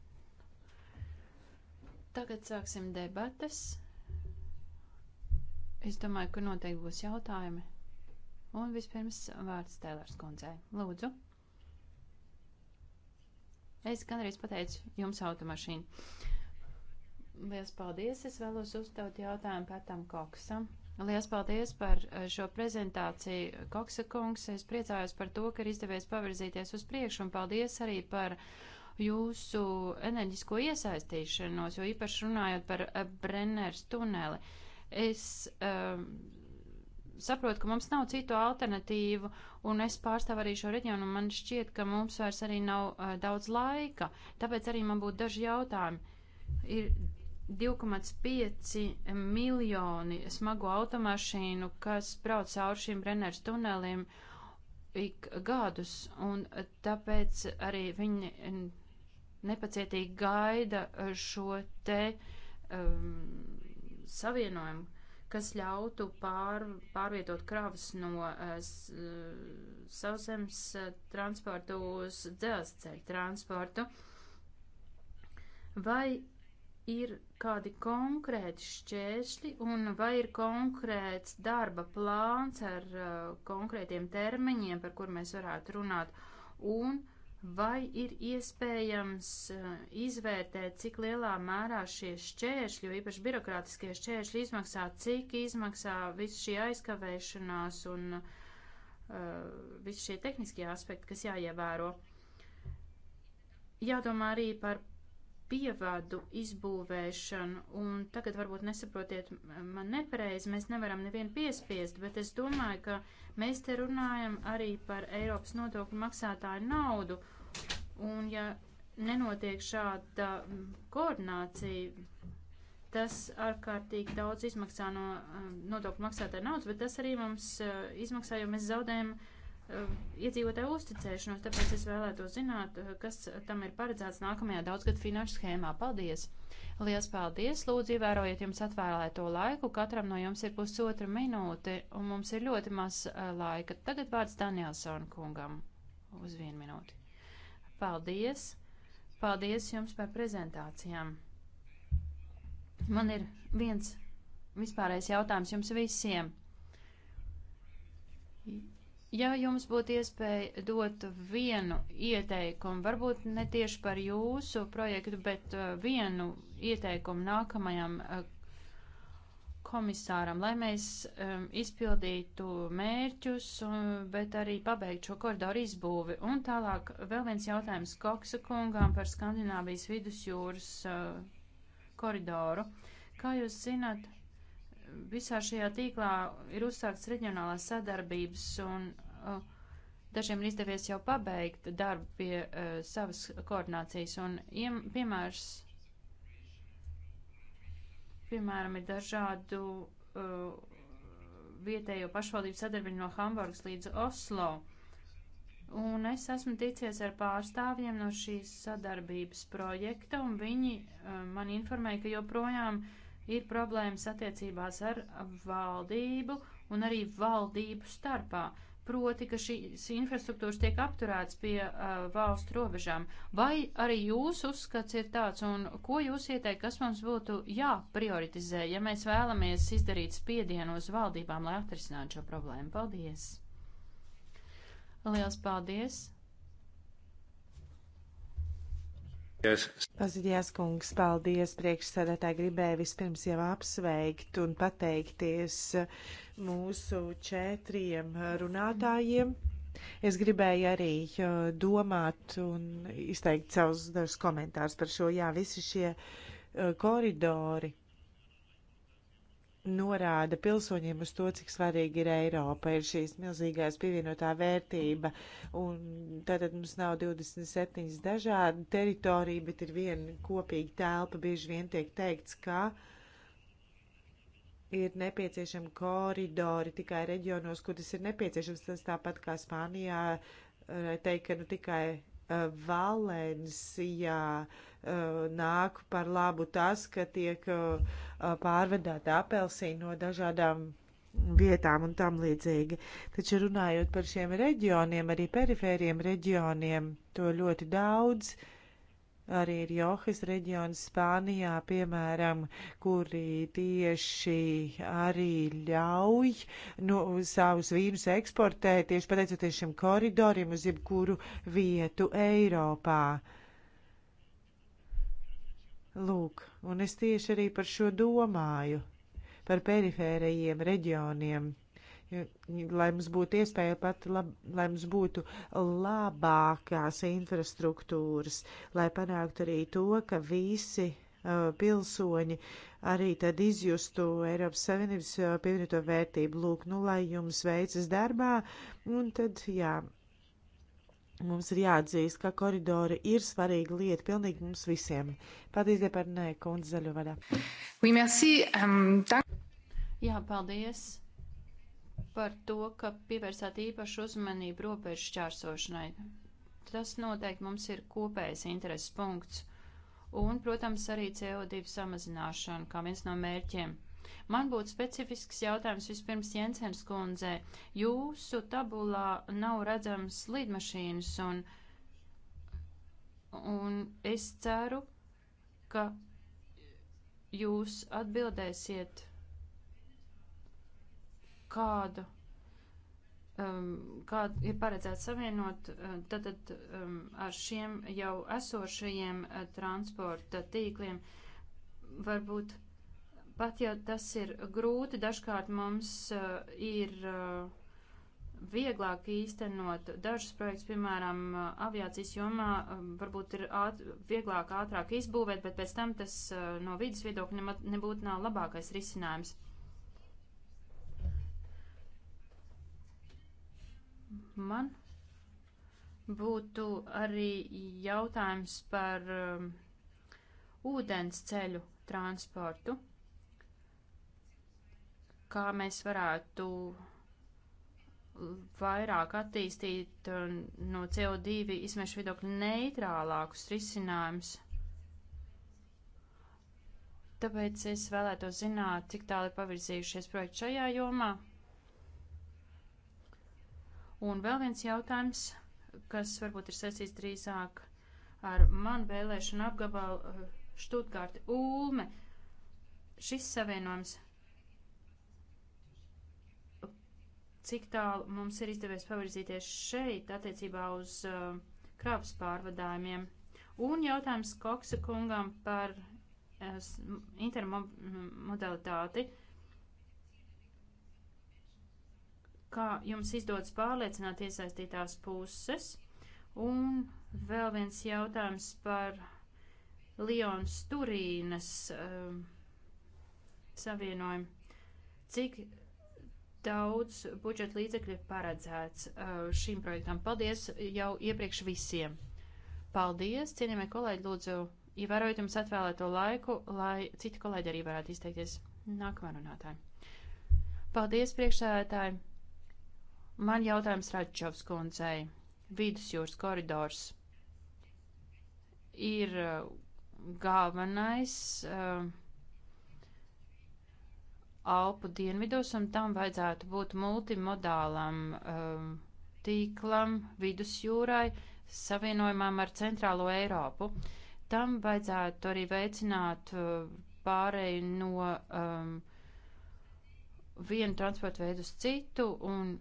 Tagad sāksim debatas. Es domāju, ka noteikti būs jautājumi. Un vispirms vārds Tēlers kundzei. Lūdzu. Es gandrīz pateicu jums automašīnu. Lielas paldies! Es vēlos uzdot jautājumu Pētam Koksam. Lielas paldies par eh, šo prezentāciju, Koksa kungs. Es priecājos par to, ka ir izdevies pavirzīties uz priekšu un paldies arī par jūsu enerģisko iesaistīšanos, jo īpaši runājot par eh, Brenners tuneli. Uh, Es um, saprotu, ka mums nav citu alternatīvu, un es pārstāvu arī šo reģionu, un man šķiet, ka mums vairs arī nav uh, daudz laika, tāpēc arī man būtu daži jautājumi. Ir 2,5 miljoni smagu automašīnu, kas brauc cauri šīm Brenners tuneliem ik gadus, un tāpēc arī viņi nepacietīgi gaida šo te um, savienojumu, kas ļautu pār, pārvietot kravas no uh, sauszemes uh, transportu uz dzelzceļa transportu. Vai ir kādi konkrēti šķēršļi un vai ir konkrēts darba plāns ar uh, konkrētiem termiņiem, par kur mēs varētu runāt, un uh, Vai ir iespējams uh, izvērtēt, cik lielā mērā šie šķēršļi, jo īpaši birokrātiskie šķēršļi izmaksā, cik izmaksā viss šī aizkavēšanās un uh, visi šie tehniskie aspekti, kas jāievēro? Jādomā arī par pievadu izbūvēšanu, un tagad varbūt nesaprotiet man nepareizi, mēs nevaram nevienu piespiest, bet es domāju, ka mēs te runājam arī par Eiropas nodokļu maksātāju naudu, Un ja nenotiek šāda koordinācija, tas ārkārtīgi daudz izmaksā no um, nodokļu maksātāja naudas, bet tas arī mums uh, izmaksā, jo mēs zaudējam um, iedzīvotāju uzticēšanos, tāpēc es vēlētos zināt, uh, kas tam ir paredzēts nākamajā daudzgad finanšu schēmā. Paldies! Lielas paldies! Lūdzu, ievērojiet jums atvēlēto laiku, katram no jums ir pusotra minūte, un mums ir ļoti maz uh, laika. Tagad vārds Danielsona kungam uz vienu minūti. Paldies! Paldies jums par prezentācijām! Man ir viens vispārējais jautājums jums visiem. Ja jums būtu iespēja dot vienu ieteikumu, varbūt ne tieši par jūsu projektu, bet uh, vienu ieteikumu nākamajam uh, komisāram, lai mēs um, izpildītu mērķus, um, bet arī pabeigtu šo koridoru izbūvi. Un tālāk vēl viens jautājums Koksa kungām par Skandināvijas vidusjūras uh, koridoru. Kā jūs zināt, visā šajā tīklā ir uzsākts reģionālās sadarbības un uh, Dažiem ir izdevies jau pabeigt darbu pie uh, savas koordinācijas, un iem, piemērs Piemēram, ir dažādu uh, vietējo pašvaldību sadarbību no Hamburgas līdz Oslo. Un es esmu ticies ar pārstāvjiem no šīs sadarbības projekta, un viņi uh, man informēja, ka joprojām ir problēmas attiecībās ar valdību un arī valdību starpā proti, ka šīs infrastruktūras tiek apturētas pie uh, valstu robežām. Vai arī jūs uzskats ir tāds, un ko jūs ieteikt, kas mums būtu jāprioritizē, ja mēs vēlamies izdarīt spiedienu uz valdībām, lai atrisinātu šo problēmu? Paldies! Liels paldies! Yes. Pazudījās kungs, paldies priekšsēdētāji. Gribēju vispirms jau apsveikt un pateikties uh, mūsu četriem runātājiem. Es gribēju arī uh, domāt un izteikt savus dažus komentārus par šo. Jā, visi šie uh, koridori norāda pilsoņiem uz to, cik svarīgi ir Eiropa, ir šīs milzīgās pievienotā vērtība, un tātad mums nav 27 dažādi teritorija, bet ir viena kopīga telpa, bieži vien tiek teikts, ka uh, ir nepieciešami koridori tikai reģionos, kur tas ir nepieciešams. Tas tāpat kā Spānijā, teikt, ka nu tikai uh, eh, Valencijā uh, eh, nāk par labu tas, ka tiek uh, eh, pārvedāta apelsīna no dažādām vietām un tam līdzīgi. Taču runājot par šiem reģioniem, arī perifēriem reģioniem, to ļoti daudz. Uh, Arī ir Johas reģions Spānijā, piemēram, kuri tieši arī ļauj nu, savus vīnus eksportēt tieši pateicoties šim koridorim uz jebkuru vietu Eiropā. Lūk, un es tieši arī par šo domāju, par perifērajiem reģioniem lai mums būtu iespēja pat, lab, lai mums būtu labākās infrastruktūras, lai panāktu arī to, ka visi uh, pilsoņi arī tad izjustu Eiropas Savienības uh, pievienoto vērtību. Lūk, nu, lai jums veicas darbā, un tad, jā, mums ir jāatzīst, ka koridori ir svarīga lieta pilnīgi mums visiem. Paldies, Depernē, kundze zaļo vadā. Oui, merci. Um, tā... Jā, paldies par to, ka pievērsāt īpašu uzmanību robežu šķērsošanai. Tas noteikti mums ir kopējs intereses punkts. Un, protams, arī CO2 samazināšana kā viens no mērķiem. Man būtu specifisks jautājums vispirms Jensens kundzē. Jūsu tabulā nav redzams līdmašīnas un, un es ceru, ka jūs atbildēsiet kādu, um, kādu ir paredzēts savienot tātad uh, um, ar šiem jau esošajiem uh, transporta tīkliem. Varbūt pat ja tas ir grūti, dažkārt mums uh, ir. Uh, vieglāk īstenot dažus projektus, piemēram, uh, aviācijas jomā, um, varbūt ir āt, vieglāk, ātrāk izbūvēt, bet pēc tam tas uh, no vidas viedokļa nebūtu nav labākais risinājums. Man būtu arī jautājums par um, ūdens ceļu transportu. Kā mēs varētu vairāk attīstīt no CO2 izmešu viedokļa neitrālākus risinājumus. Tāpēc es vēlētos zināt, cik tālu ir pavirzījušies projekti šajā jomā. Un vēl viens jautājums, kas varbūt ir saistīts drīzāk ar manu vēlēšanu apgabalu Štutgārti eh, Ulme. Šis savienojums, cik tālu mums ir izdevies pavirzīties šeit attiecībā uz uh, eh, krāps pārvadājumiem. Un jautājums Koksa kungam par uh, eh, intermodalitāti. Uh, kā jums izdodas pārliecināt iesaistītās puses. Un vēl viens jautājums par Lions Turīnas um, savienojumu. Cik daudz budžeta līdzekļu ir paredzēts uh, šīm projektām? Paldies jau iepriekš visiem. Paldies, cienījamie kolēģi, lūdzu, ievērojiet jums atvēlēto laiku, lai citi kolēģi arī varētu izteikties nākamā runātāja. Paldies, priekšsēdētāji! Man jautājums Račovs kundzei. Vidusjūras koridors ir uh, galvenais uh, Alpu dienvidos, un tam vajadzētu būt multimodālam uh, tīklam vidusjūrai, savienojumam ar centrālo Eiropu. Tam vajadzētu arī veicināt uh, pārēju no um, vienu transportu veidu uz citu un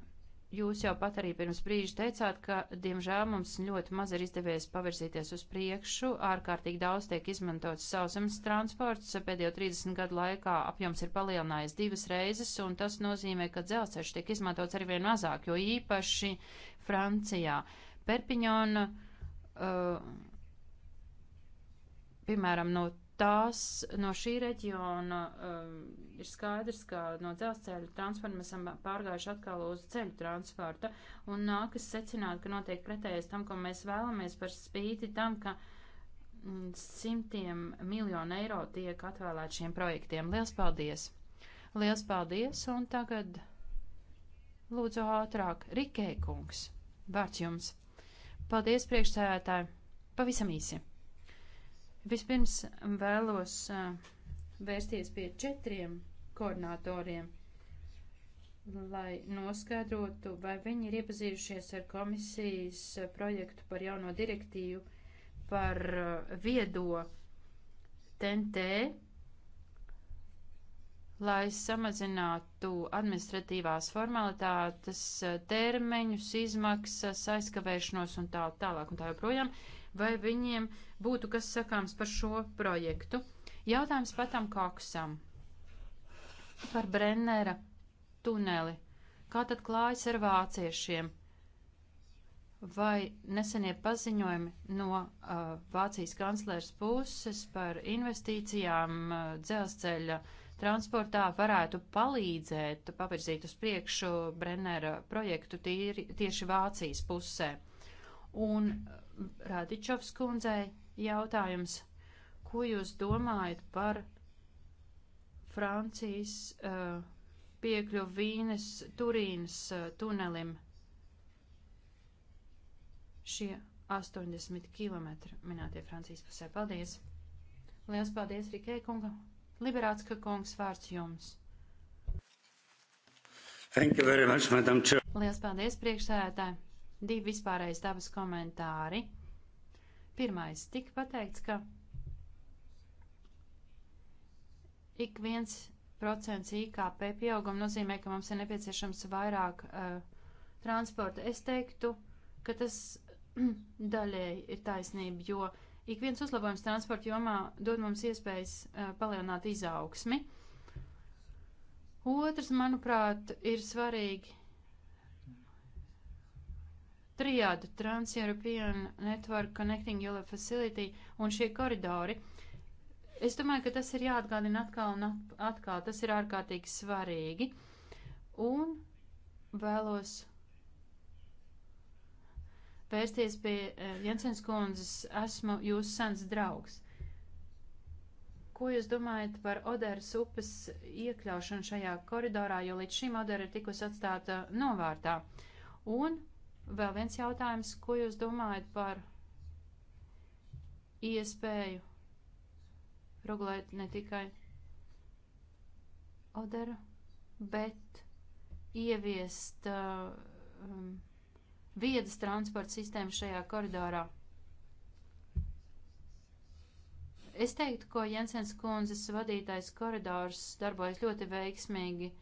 Jūs jau pat arī pirms brīža teicāt, ka, diemžēl, mums ļoti maz ir izdevies pavirzīties uz priekšu, ārkārtīgi daudz tiek izmantots sausums transports, pēdējo 30 gadu laikā apjoms ir palielinājies divas reizes, un tas nozīmē, ka dzelzceļš tiek izmantots arvien mazāk, jo īpaši Francijā. Perpiņona, uh, piemēram, no tās no šī reģiona um, ir skaidrs, ka no dzelzceļa transporta mēs esam pārgājuši atkal uz ceļu transporta, un nākas secināt, ka notiek pretējais tam, ko mēs vēlamies par spīti tam, ka mm, simtiem miljonu eiro tiek atvēlēt šiem projektiem. Liels paldies! Liels paldies, un tagad lūdzu ātrāk Rikē kungs. Vārds jums! Paldies, priekšsēdētāji! Pavisam īsi! Vispirms vēlos vērsties pie četriem koordinatoriem, lai noskaidrotu, vai viņi ir iepazījušies ar komisijas projektu par jauno direktīvu par viedo TNT, lai samazinātu administratīvās formalitātes, termeņus, izmaksas, aizkavēšanos un tā tālāk un tā joprojām. Ja vai viņiem būtu kas sakāms par šo projektu. Jautājums patam Kaksam par Brennera tuneli. Kā tad klājas ar vāciešiem? Vai nesenie paziņojumi no uh, Vācijas kanclers puses par investīcijām uh, dzelzceļa transportā varētu palīdzēt pavirzīt uz priekšu Brennera projektu tīri, tieši Vācijas pusē? Un uh, Radičovs kundzei jautājums. Ko jūs domājat par Francijas uh, piekļuvu Vīnes Turīnas uh, tunelim? Šie 80 km minētie Francijas pusē. Paldies! Liels paldies, Rikē kunga! Liberāts, ka kungs vārds jums! Thank you very much, Madam Chair. Liels paldies, priekšsēdētāji! Divi vispārējais dabas komentāri. Pirmais, tika pateikts, ka ik viens procents IKP pieauguma nozīmē, ka mums ir nepieciešams vairāk uh, transporta. Es teiktu, ka tas *clears throat* daļēji ir taisnība, jo ik viens uzlabojums transporta jomā dod mums iespējas uh, palielināt izaugsmi. Otrs, manuprāt, ir svarīgi triādu Trans-European Network Connecting Europe Facility un šie koridori. Es domāju, ka tas ir jāatgādina atkal un atkal. Tas ir ārkārtīgi svarīgi. Un vēlos vērsties pie eh, Jensens kundzes. Esmu jūsu sens draugs. Ko jūs domājat par Oderas upes iekļaušanu šajā koridorā, jo līdz šim Odera ir tikusi atstāta novārtā? Un Vēl viens jautājums, ko jūs domājat par iespēju regulēt ne tikai oderu, bet ieviest uh, um, viedas transporta sistēmu šajā koridorā. Es teiktu, ko Jensens kundzes vadītais koridors darbojas ļoti veiksmīgi.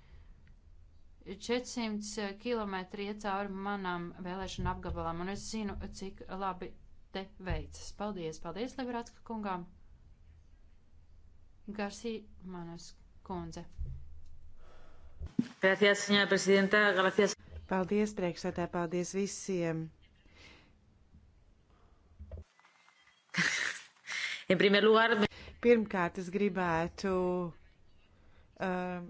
400 km iet cauri manām vēlēšana apgabalām, un es zinu, cik labi te veicas. Paldies, paldies, Liberatska kungām! Garcia Manas kundze. Gracias, señora presidenta, gracias. Paldies, priekšsētā, paldies visiem! *laughs* Pirmkārt, es gribētu um,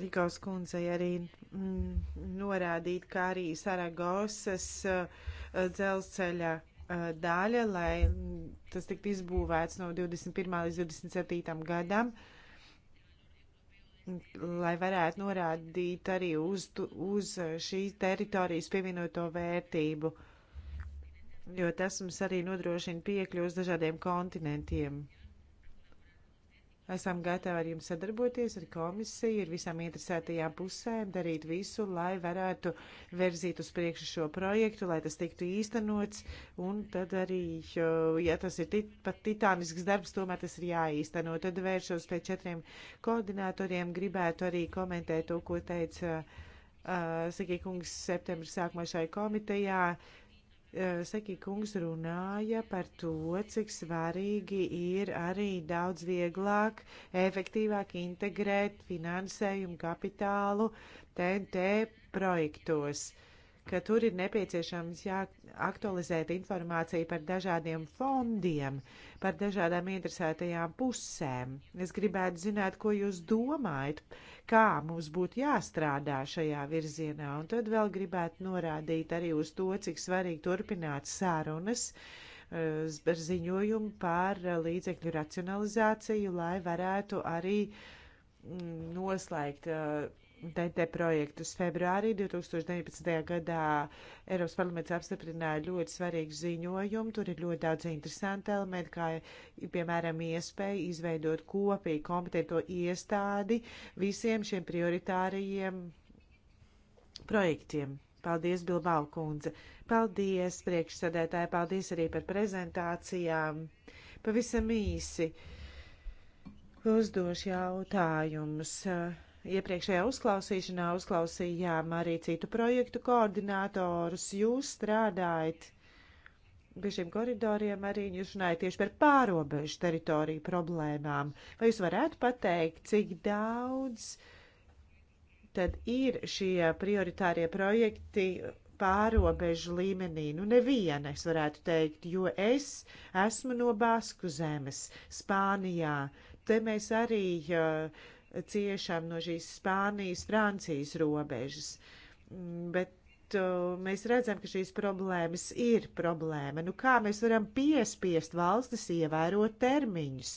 Rīgaus kundzei arī Mm, norādīt, kā arī Saragosas eh, dzelzceļa eh, daļa, lai tas tiktu izbūvēts no 21. līdz 27. gadam lai varētu norādīt arī uz, uz šīs teritorijas pievienoto vērtību, jo tas mums arī nodrošina piekļuvus dažādiem kontinentiem. Esam gatavi ar jums sadarboties, ar komisiju, ar visām interesētajām pusēm, darīt visu, lai varētu verzīt uz priekšu šo projektu, lai tas tiktu īstenots. Un tad arī, ja tas ir tit, pat titānisks darbs, tomēr tas ir jāīsteno. Tad vēršos pie četriem koordinatoriem, gribētu arī komentēt to, ko teica uh, Saki kungs septembra sākumā šai komitejā. Uh, Eh, Seki kungs runāja par to, cik svarīgi ir arī daudz vieglāk, efektīvāk integrēt finansējumu kapitālu TNT projektos, ka tur ir nepieciešams aktualizēt informāciju par dažādiem fondiem, par dažādām interesētajām pusēm. Es gribētu zināt, ko jūs domājat. Uh, kā mums būtu jāstrādā šajā virzienā. Un tad vēl gribētu norādīt arī uz to, cik svarīgi turpināt sārunas par eh, ziņojumu par līdzekļu racionalizāciju, lai varētu arī mm, noslēgt uh, DT projektus. Februārī 2019. gadā Eiropas parlaments apstiprināja ļoti svarīgu ziņojumu. Tur ir ļoti daudz interesanti elementi, kā piemēram iespēja izveidot kopīgi kompetento iestādi visiem šiem prioritārajiem projektiem. Paldies, Bilbao kundze. Paldies, priekšsēdētāji. Paldies arī par prezentācijām. Pavisam īsi. Uzdošu jautājumus. Uh, Iepriekšējā uzklausīšanā uzklausījām arī citu projektu koordinātorus. Jūs strādājat pie šiem koridoriem arī, jūs runājat tieši par pārobežu teritoriju problēmām. Vai jūs varētu pateikt, cik daudz tad ir šie prioritārie projekti pārobežu līmenī, nu neviena, es varētu teikt, jo es esmu no Basku zemes, Spānijā. Te mēs arī uh, ciešām no šīs Spānijas, Francijas robežas. Bet uh, mēs redzam, ka šīs problēmas ir problēma. Nu, kā mēs varam piespiest valstis ievērot termiņus?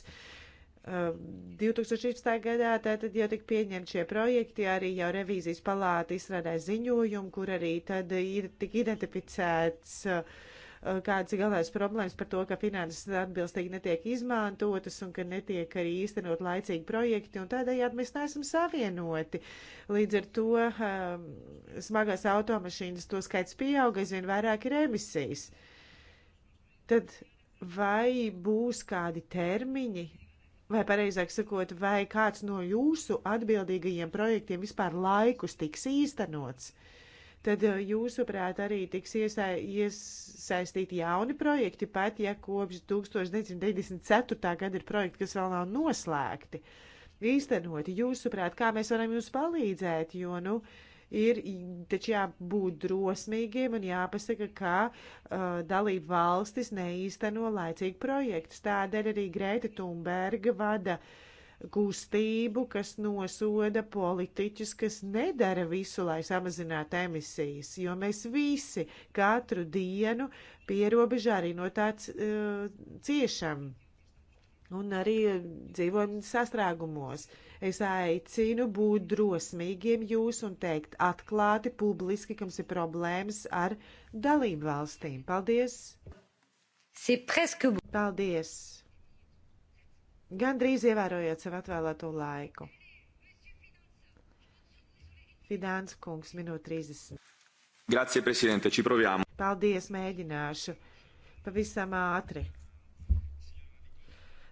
2016. Um, gadā tātad jau tika pieņemti šie projekti, arī jau revīzijas palāta izstrādāja ziņojumu, kur arī tad tika identificēts uh, Eh, kādas ir galvenās problēmas par to, ka finanses atbilstīgi netiek izmantotas un ka netiek arī īstenot laicīgi projekti, un tādējādi mēs neesam savienoti. Līdz ar to um, smagās automašīnas to skaits pieauga, aizvien vairāk ir emisijas. Tad vai būs kādi termiņi, vai pareizāk sakot, vai kāds no jūsu atbildīgajiem projektiem vispār laikus tiks īstenots? Uh, tad eh, jūsuprāt arī tiks iesa iesaistīti jauni projekti, pat ja kopš 1994. gada ir projekti, kas vēl nav noslēgti. Īstenoti, jūsuprāt, kā mēs varam jums palīdzēt, jo, nu, ir taču jābūt drosmīgiem un jāpasaka, ka uh, eh, dalība valstis neīsteno laicīgi projektus. Tādēļ arī Grēta Tumberga vada uh, kustību, kas nosoda politiķus, kas nedara visu, lai samazinātu emisijas, jo mēs visi katru dienu pierobežā arī no tā uh, ciešam un arī dzīvojam sastrēgumos. Es aicinu būt drosmīgiem jūs un teikt atklāti, publiski, kams ir problēmas ar dalību valstīm. Paldies! Paldies! Gandrīz ievērojot sev atvēlēto laiku. Fidāns kungs, minūte 30. Grazie, prezidente, ci proviamo. Paldies, mēģināšu. Pavisam ātri.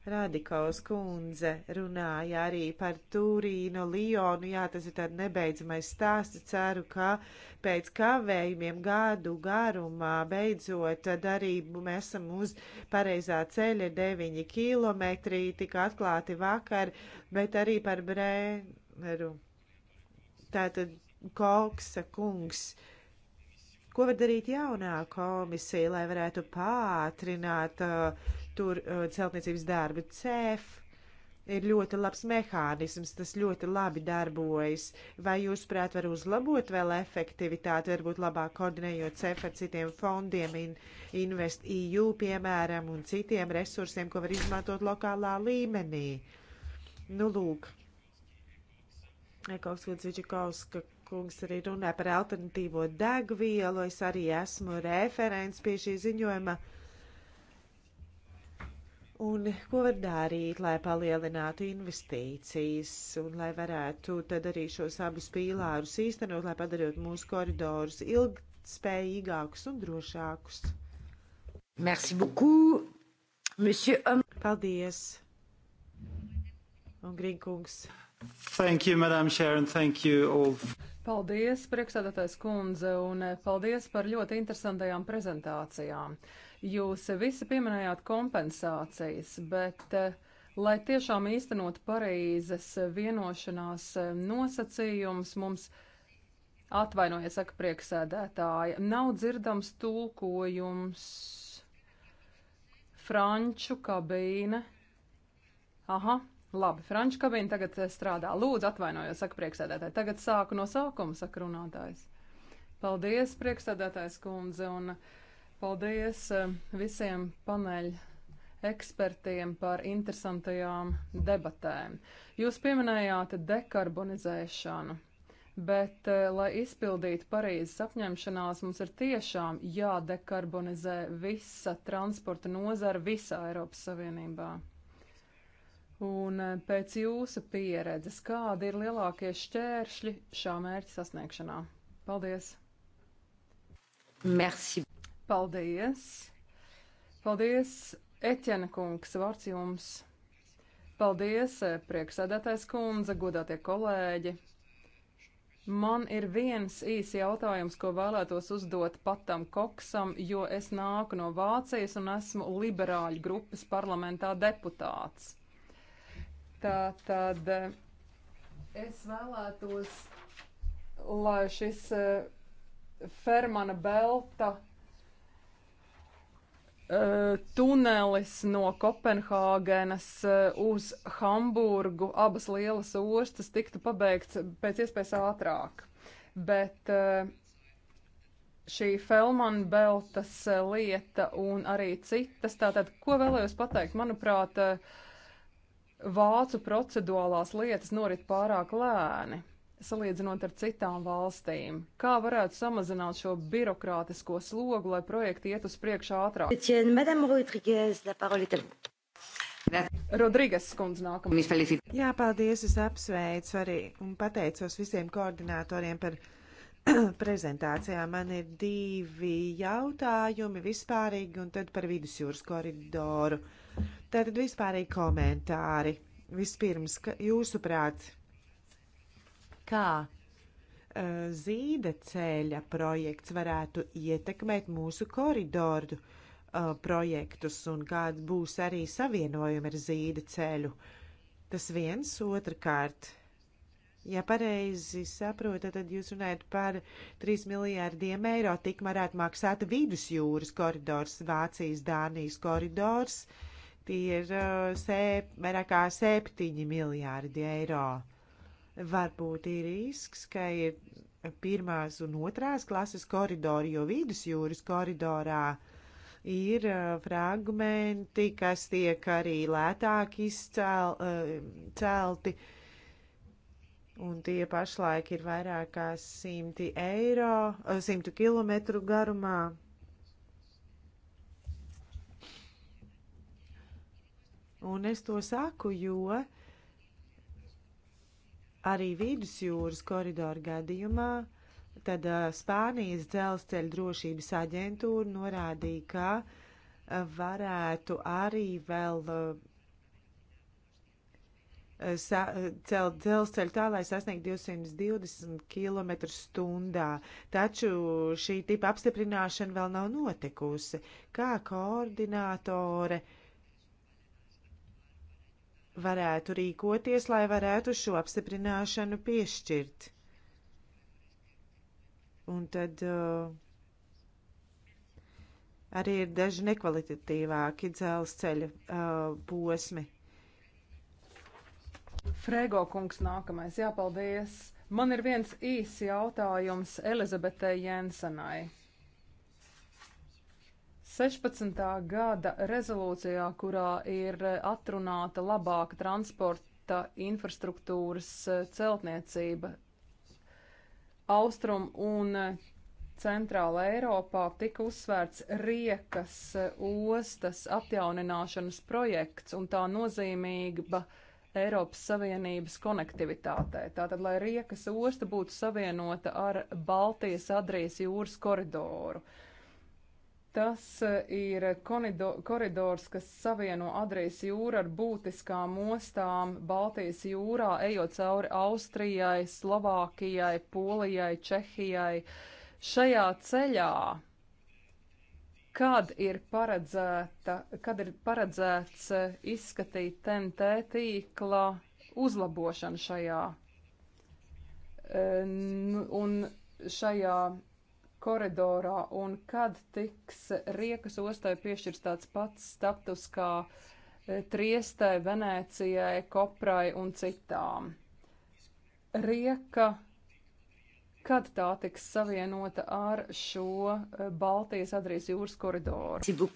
Radikaus kundze runāja arī par Turīnu, Lionu. Jā, tas ir tāds nebeidzamais stāsts. Ceru, ka pēc kavējumiem gadu garumā beidzot darību mēs esam uz pareizā ceļa 9 kilometrī, tika atklāti vakar, bet arī par Brēneru. Tātad Koksa kungs. Ko var darīt jaunā komisija, lai varētu pātrināt uh, tur uh, celtniecības darbi. CEF ir ļoti labs mehānisms, tas ļoti labi darbojas. Vai jūs, prāt, var uzlabot vēl efektivitāti, varbūt labāk koordinējot CEF ar citiem fondiem, in, Invest EU, piemēram, un citiem resursiem, ko var izmantot lokālā līmenī? Nu, lūk. Ekoks Vidzikovska kungs arī runāja par alternatīvo degvielu. Es arī esmu referents pie šī ziņojuma. Uh, Un ko var darīt, lai palielinātu investīcijas un lai varētu tad arī šos abus pīlārus īstenot, lai padarītu mūsu koridorus ilgspējīgākus un drošākus? Merci beaucoup, monsieur. Paldies. Un Grinkungs. Thank you, Madam Chair, and thank you all. Paldies, priekšsēdētājs kundze, un paldies par ļoti interesantajām prezentācijām. Uh, Jūs visi pieminējāt kompensācijas, bet, eh, lai tiešām īstenot Parīzes vienošanās eh, nosacījums, mums atvainojiet, saka prieksēdētāja, nav dzirdams tulkojums franču kabīne. Aha, labi, franču kabīne tagad eh, strādā. Lūdzu, atvainojos, saka prieksēdētāji. Tagad sāku no sākuma, saka runātājs. Paldies, prieksēdētājs kundze, un uh, Paldies eh, visiem paneļu ekspertiem par interesantajām debatēm. Jūs pieminējāt dekarbonizēšanu, bet, eh, lai izpildītu Parīzes apņemšanās, mums ir tiešām jādekarbonizē visa transporta nozara visā Eiropas Savienībā. Un eh, pēc jūsu pieredzes, kādi ir lielākie šķēršļi šā mērķa sasniegšanā? Paldies! Merci. Paldies! Paldies, Eķena kungs, vārds jums! Paldies, eh, prieksēdētais kundze, godātie kolēģi! Man ir viens īsi jautājums, ko vēlētos uzdot patam Koksam, jo es nāku no Vācijas un esmu liberāļu grupas parlamentā deputāts. Tā tad eh, es vēlētos, lai šis eh, Fermana Belta Eh, tunelis no Kopenhāgenes eh, uz Hamburgu, abas lielas ostas, tiktu pabeigts pēc iespējas ātrāk. Bet eh, šī Felmana Beltas lieta un arī citas, tātad, ko vēlējos pateikt, manuprāt, vācu procedūrālās lietas norit pārāk lēni salīdzinot ar citām valstīm. Kā varētu samazināt šo birokrātisko slogu, lai projekti iet uz priekšu ātrāk? Rodrīgas skundze nākamā. Jā, paldies, es apsveicu arī un pateicos visiem koordinātoriem par *clears throat* prezentācijā. Man ir divi jautājumi vispārīgi un tad par vidusjūras koridoru. Tātad vispārīgi komentāri. Vispirms, jūsuprāt, kā zīda ceļa projekts varētu ietekmēt mūsu koridoru uh, projektus un kāds būs arī savienojumi ar zīda ceļu. Tas viens otrkārt. Ja pareizi saprotat, tad jūs runājat par 3 miljārdiem eiro, tik varētu maksāt vidusjūras koridors, Vācijas, Dānijas koridors. Tie ir uh, sēp, vairāk kā 7 miljārdi eiro. Uh, varbūt ir risks, ka ir pirmās un otrās klases koridori, jo vidusjūras koridorā ir uh, fragmenti, kas tiek arī lētāk izcelti. Uh, un tie pašlaik ir vairāk kā simti eiro, uh, simtu kilometru garumā. Un es to saku, jo uh, Arī vidusjūras koridoru gadījumā tad uh, Spānijas dzelzceļa drošības aģentūra norādīja, ka uh, varētu arī vēl uh, sa, celt dzelzceļu tā, lai sasniegtu 220 km stundā. Taču šī tipa apstiprināšana vēl nav notikusi. Kā koordinātore uh, varētu rīkoties, lai varētu šo apstiprināšanu piešķirt. Un tad uh, arī ir daži nekvalitatīvāki dzelzceļa uh, posmi. Frēgo kungs nākamais. Jā, paldies. Man ir viens īsi jautājums Elizabetei Jensenai. 16. gada rezolūcijā, kurā ir eh, atrunāta labāka transporta infrastruktūras eh, celtniecība Austrum un eh, Centrāla Eiropā, tika uzsvērts Riekas ostas atjaunināšanas projekts un tā nozīmība Eiropas Savienības konektivitātei. Tātad, lai Riekas osta būtu savienota ar Baltijas Adrijas jūras koridoru. Uh, Tas eh, ir koridors, kas savieno Adrijas jūru ar būtiskām ostām Baltijas jūrā, ejot cauri Austrijai, Slovākijai, Polijai, Čehijai. Šajā ceļā, kad ir, kad ir paredzēts eh, izskatīt TNT tīkla uzlabošanu šajā, eh, un šajā koridorā un kad tiks Riekas ostai piešķirs tāds pats status kā e, Triestai, Venēcijai, Koprai un citām. Rieka, kad tā tiks savienota ar šo e, Baltijas Adrijas jūras koridoru?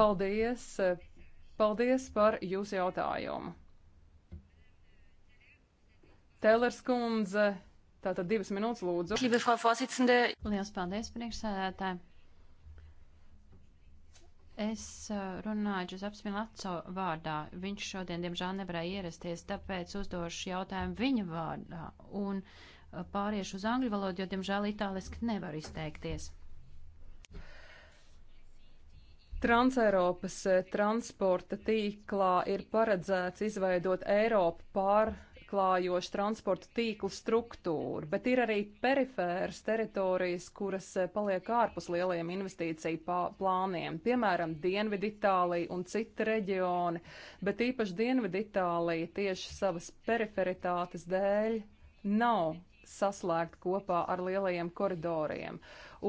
Paldies! E, paldies par jūsu jautājumu! Tēlers kundze, Tātad divas minūtes lūdzu. Lielas paldies, priekšsēdētāji. Es uh, runāju Giuseppe Milaco vārdā. Viņš šodien, diemžēl, nevarēja ierasties, tāpēc uzdošu jautājumu viņa vārdā un uh, pāriešu uz angļu valodu, jo, diemžēl, itāliski nevar izteikties. Transeiropas eh, transporta tīklā ir paredzēts izveidot Eiropu pār pārklājošu transporta tīklu struktūru, bet ir arī perifēras teritorijas, kuras eh, paliek ārpus lielajiem investīciju plāniem, piemēram, Dienviditālija un citi reģioni, bet īpaši Dienviditālija tieši savas periferitātes dēļ nav saslēgt kopā ar lielajiem koridoriem.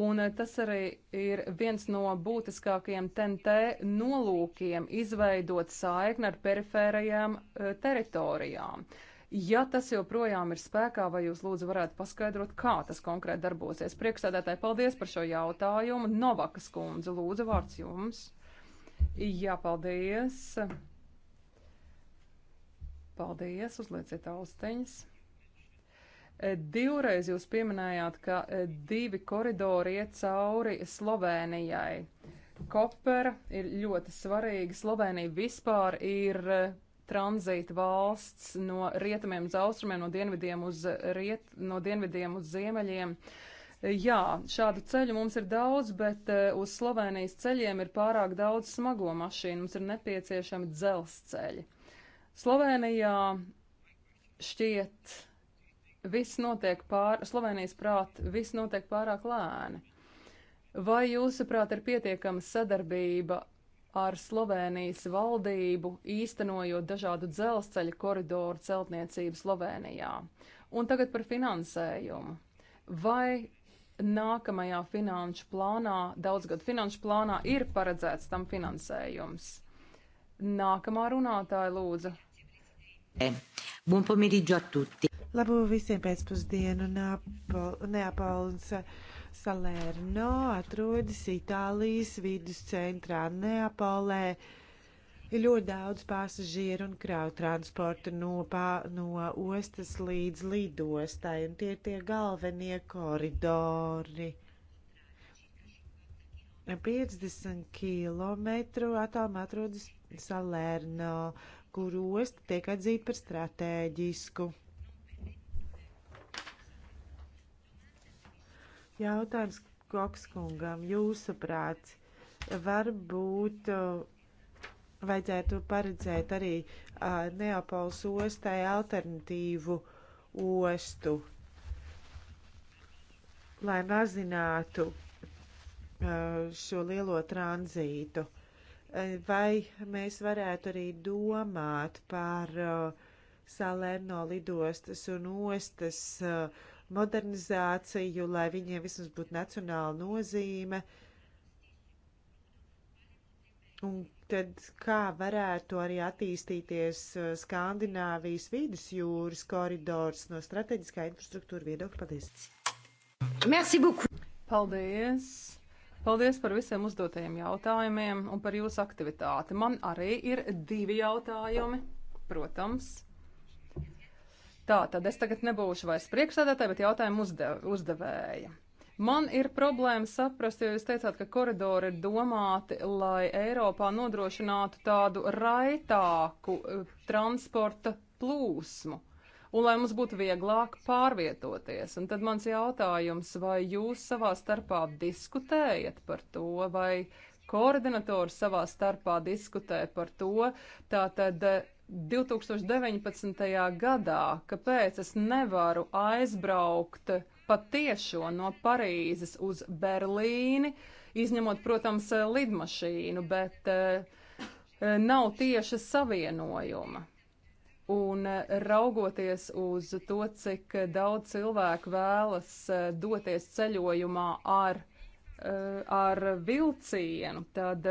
Un eh, tas arī ir viens no būtiskākajiem TNT nolūkiem - izveidot saikni ar perifērajām eh, teritorijām. Ja tas joprojām ir spēkā, vai jūs lūdzu varētu paskaidrot, kā tas konkrēti darbosies? Priekšsēdētāji, paldies par šo jautājumu. Novakas kundze, lūdzu vārds jums. Jā, paldies. Paldies, uzlieciet austiņas. E, divreiz jūs pieminējāt, ka e, divi koridori iet cauri Slovenijai. Kopera ir ļoti svarīga. Slovenija vispār ir e, tranzīta valsts no rietumiem uz austrumiem, no dienvidiem uz, riet, no dienvidiem uz ziemeļiem. Jā, šādu ceļu mums ir daudz, bet eh, uz Slovenijas ceļiem ir pārāk daudz smago mašīnu. Mums ir nepieciešami dzelzceļi. Slovenijā šķiet viss notiek pār, Slovenijas prāt, viss notiek pārāk lēni. Vai jūsuprāt ir pietiekama sadarbība ar Slovenijas valdību, īstenojot dažādu dzelzceļa koridoru celtniecību Slovenijā. Un tagad par finansējumu. Vai nākamajā finanšu plānā, daudzgad finanšu plānā, ir paredzēts tam finansējums? Nākamā runātāja lūdza. Eh, buon pomeriggio a tutti. Labu visiem pēcpusdienu, Neapolns. Neapol, Salerno atrodas Itālijas vidus centrā Neapolē. Ir ļoti daudz pasažieru un kravu transporta no, pā, no ostas līdz lidostai, un tie ir tie galvenie koridori. 50 km attālumā atrodas Salerno, kur osta tiek atzīta par stratēģisku. Jautājums Kokskungam, jūsuprāt, varbūt uh, vajadzētu paredzēt arī uh, Neapols ostai alternatīvu ostu, lai mazinātu uh, šo lielo tranzītu. Vai mēs varētu arī domāt par uh, Salerno lidostas un ostas uh, modernizāciju, lai viņiem vismaz būtu nacionāla nozīme. Un tad kā varētu arī attīstīties uh, Skandināvijas vidus jūras koridors no strateģiskā infrastruktūra viedokļa? Paldies! Merci beaucoup! Paldies! Paldies par visiem uzdotajiem jautājumiem un par jūsu aktivitāti. Man arī ir divi jautājumi, protams. Tā tad es tagad nebūšu vairs priekšsēdētāja, bet jautājumu uzdev, uzdevēja. Man ir problēma saprast, jo jūs teicāt, ka koridori ir domāti, lai Eiropā nodrošinātu tādu raitāku eh, transporta plūsmu un lai mums būtu vieglāk pārvietoties. Un tad mans jautājums, vai jūs savā starpā diskutējat par to, vai koordinatori savā starpā diskutē par to, tātad eh, 2019. gadā, kāpēc es nevaru aizbraukt patiešo no Parīzes uz Berlīni, izņemot, protams, lidmašīnu, bet eh, eh, nav tieša savienojuma. Un eh, raugoties uz to, cik daudz cilvēku vēlas doties ceļojumā ar Eh, ar vilcienu, tad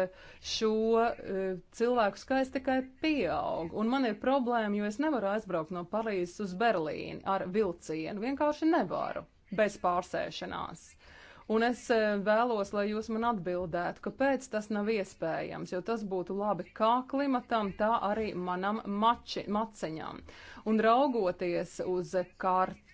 šo eh, cilvēku skaits tikai pieaug. Un man ir problēma, jo es nevaru aizbraukt no Parīzes uz Berlīni ar vilcienu. Vienkārši nevaru bez pārsēšanās. Un es eh, vēlos, lai jūs man atbildētu, kāpēc tas nav iespējams, jo tas būtu labi kā klimatam, tā arī manam mači, maceņam. Un raugoties uz karti,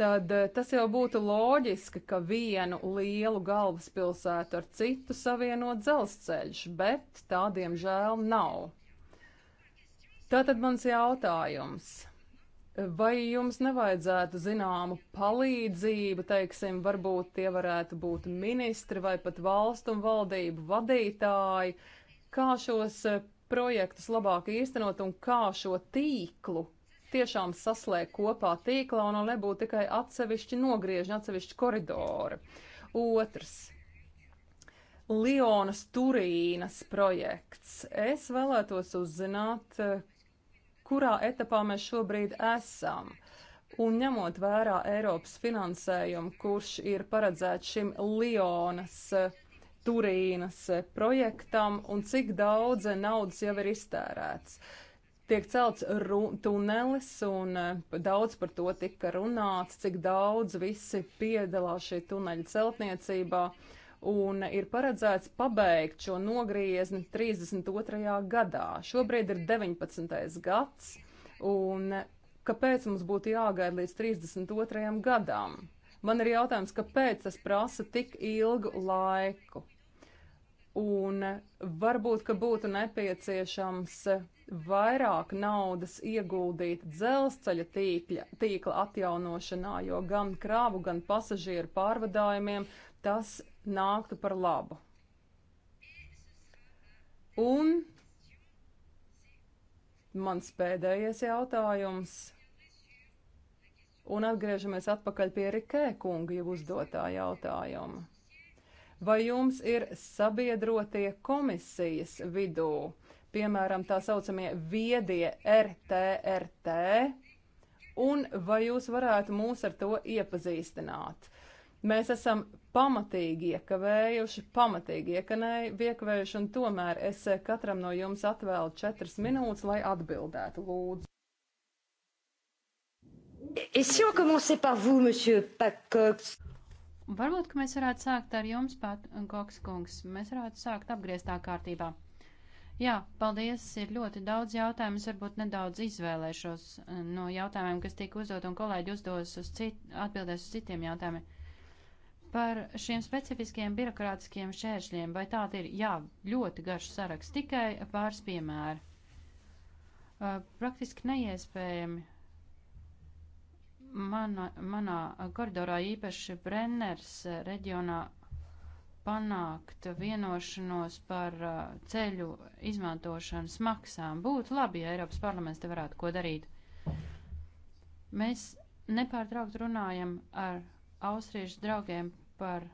tad eh, tas jau būtu loģiski, ka vienu lielu galvaspilsētu ar citu savieno dzelzceļš, bet tā diemžēl nav. Tātad mans jautājums. Vai jums nevajadzētu zināmu palīdzību, teiksim, varbūt tie varētu būt ministri vai pat valstu un valdību vadītāji, kā šos eh, projektus labāk īstenot un kā šo tīklu tiešām saslēgt kopā tīklā un nebūtu tikai atsevišķi nogriežņi, atsevišķi koridori. Otrs. Lionas Turīnas projekts. Es vēlētos uzzināt, kurā etapā mēs šobrīd esam. Un ņemot vērā Eiropas finansējumu, kurš ir paredzēts šim Lionas eh, Turīnas eh, projektam un cik daudz naudas jau ir iztērēts tiek celts tunelis, un eh, daudz par to tika runāts, cik daudz visi piedalās šī tuneļa celtniecībā, un ir paredzēts pabeigt šo nogriezni 32. gadā. Šobrīd ir 19. gads, un kāpēc mums būtu jāgaida līdz 32. gadam? Man ir jautājums, kāpēc tas prasa tik ilgu laiku? Un varbūt, ka būtu nepieciešams vairāk naudas ieguldīt dzelzceļa tīkla, tīkla atjaunošanā, jo gan krāvu, gan pasažieru pārvadājumiem tas nāktu par labu. Un mans pēdējais jautājums. Un atgriežamies atpakaļ pie Rikē kunga jau uzdotā jautājuma. Vai jums ir sabiedrotie komisijas vidū, piemēram, tā saucamie viedie RTRT, un vai jūs varētu mūs ar to iepazīstināt? Mēs esam pamatīgi iekavējuši, pamatīgi iekavējuši, un tomēr es katram no jums atvēlu četras minūtes, lai atbildētu, lūdzu. Et si on commençait par vous, monsieur Pacox? Varbūt, ka mēs varētu sākt ar jums pat, Koks kungs. Mēs varētu sākt apgrieztā kārtībā. Jā, paldies, ir ļoti daudz jautājumu, es varbūt nedaudz izvēlēšos eh, no jautājumiem, kas tika uzdot, un kolēģi uzdos uz cit, atbildēs uz citiem jautājumiem. Par šiem specifiskiem birokrātiskiem šēršļiem, vai tādi ir? Jā, ļoti garš saraksts, tikai pāris piemēri. Uh, eh, praktiski neiespējami Mana, manā koridorā īpaši Brenners reģionā panākt vienošanos par uh, ceļu izmantošanas maksām. Būtu labi, ja Eiropas parlaments te varētu ko darīt. Mēs nepārtraukt runājam ar austriešu draugiem par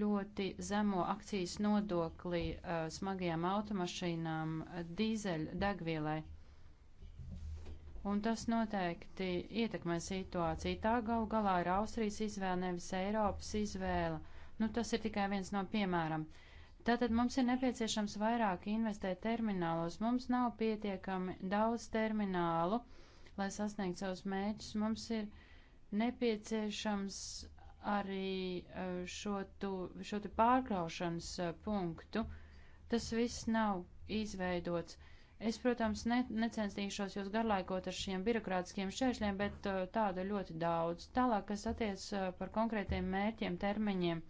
ļoti zemo akcijas nodokli uh, smagajām automašīnām, dīzeļu degvielai un tas noteikti ietekmē situāciju. Tā gal galā ir Austrijas izvēle, nevis Eiropas izvēle. Nu, tas ir tikai viens no piemēram. Tātad mums ir nepieciešams vairāk investēt terminālos. Mums nav pietiekami daudz terminālu, lai sasniegtu savus mēģus. Mums ir nepieciešams arī e, šo, tu, šo tu pārkraušanas e, punktu. Tas viss nav izveidots. Uh, Es, protams, ne, necenstīšos jūs garlaikot ar šiem birokrātiskiem šķēršļiem, bet uh, tāda ļoti daudz. Tālāk, kas attiec uh, par konkrētiem mērķiem, termiņiem.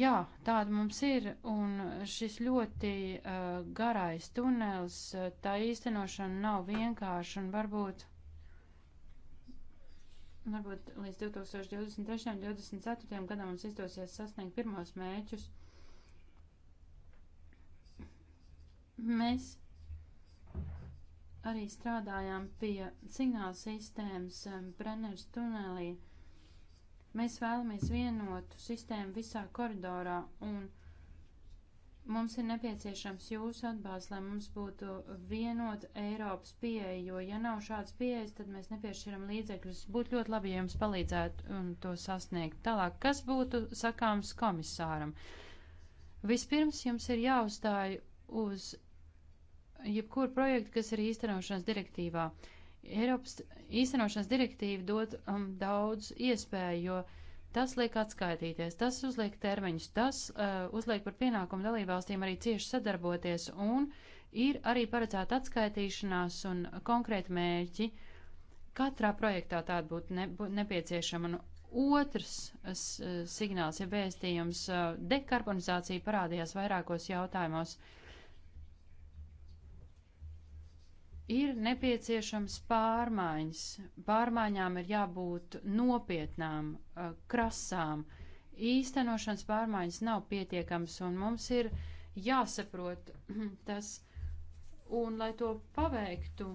Jā, tāda mums ir, un šis ļoti uh, garais tunels, uh, tā īstenošana nav vienkārša, un varbūt, varbūt līdz 2023. un 2024. gadam mums izdosies sasniegt pirmos mērķus. Mēs arī strādājām pie signāla sistēmas um, Brenners tunelī. Mēs vēlamies vienotu sistēmu visā koridorā un mums ir nepieciešams jūsu atbalsts, lai mums būtu vienota Eiropas pieeja, jo ja nav šāds pieejas, tad mēs nepiešķiram līdzekļus. Būtu ļoti labi, ja jums palīdzētu un um, to sasniegt. Tālāk, kas būtu sakāms komisāram? Vispirms jums ir jāuzstāj uz jebkuru projektu, kas ir īstenošanas direktīvā. Eiropas īstenošanas direktīva dod um, daudz iespēju, jo tas liek atskaitīties, tas uzliek termiņus, tas uh, uzliek par pienākumu dalībvalstīm arī cieši sadarboties un ir arī paredzēta atskaitīšanās un konkrēti mērķi. Katrā projektā tāda būtu ne, būt nepieciešama. Un otrs es, signāls, ja vēstījums, uh, dekarbonizācija parādījās vairākos jautājumos. Uh, Ir nepieciešams pārmaiņas. Pārmaiņām ir jābūt nopietnām, eh, krasām. Īstenošanas pārmaiņas nav pietiekams, un mums ir jāsaprot *clears throat* tas, un lai to paveiktu,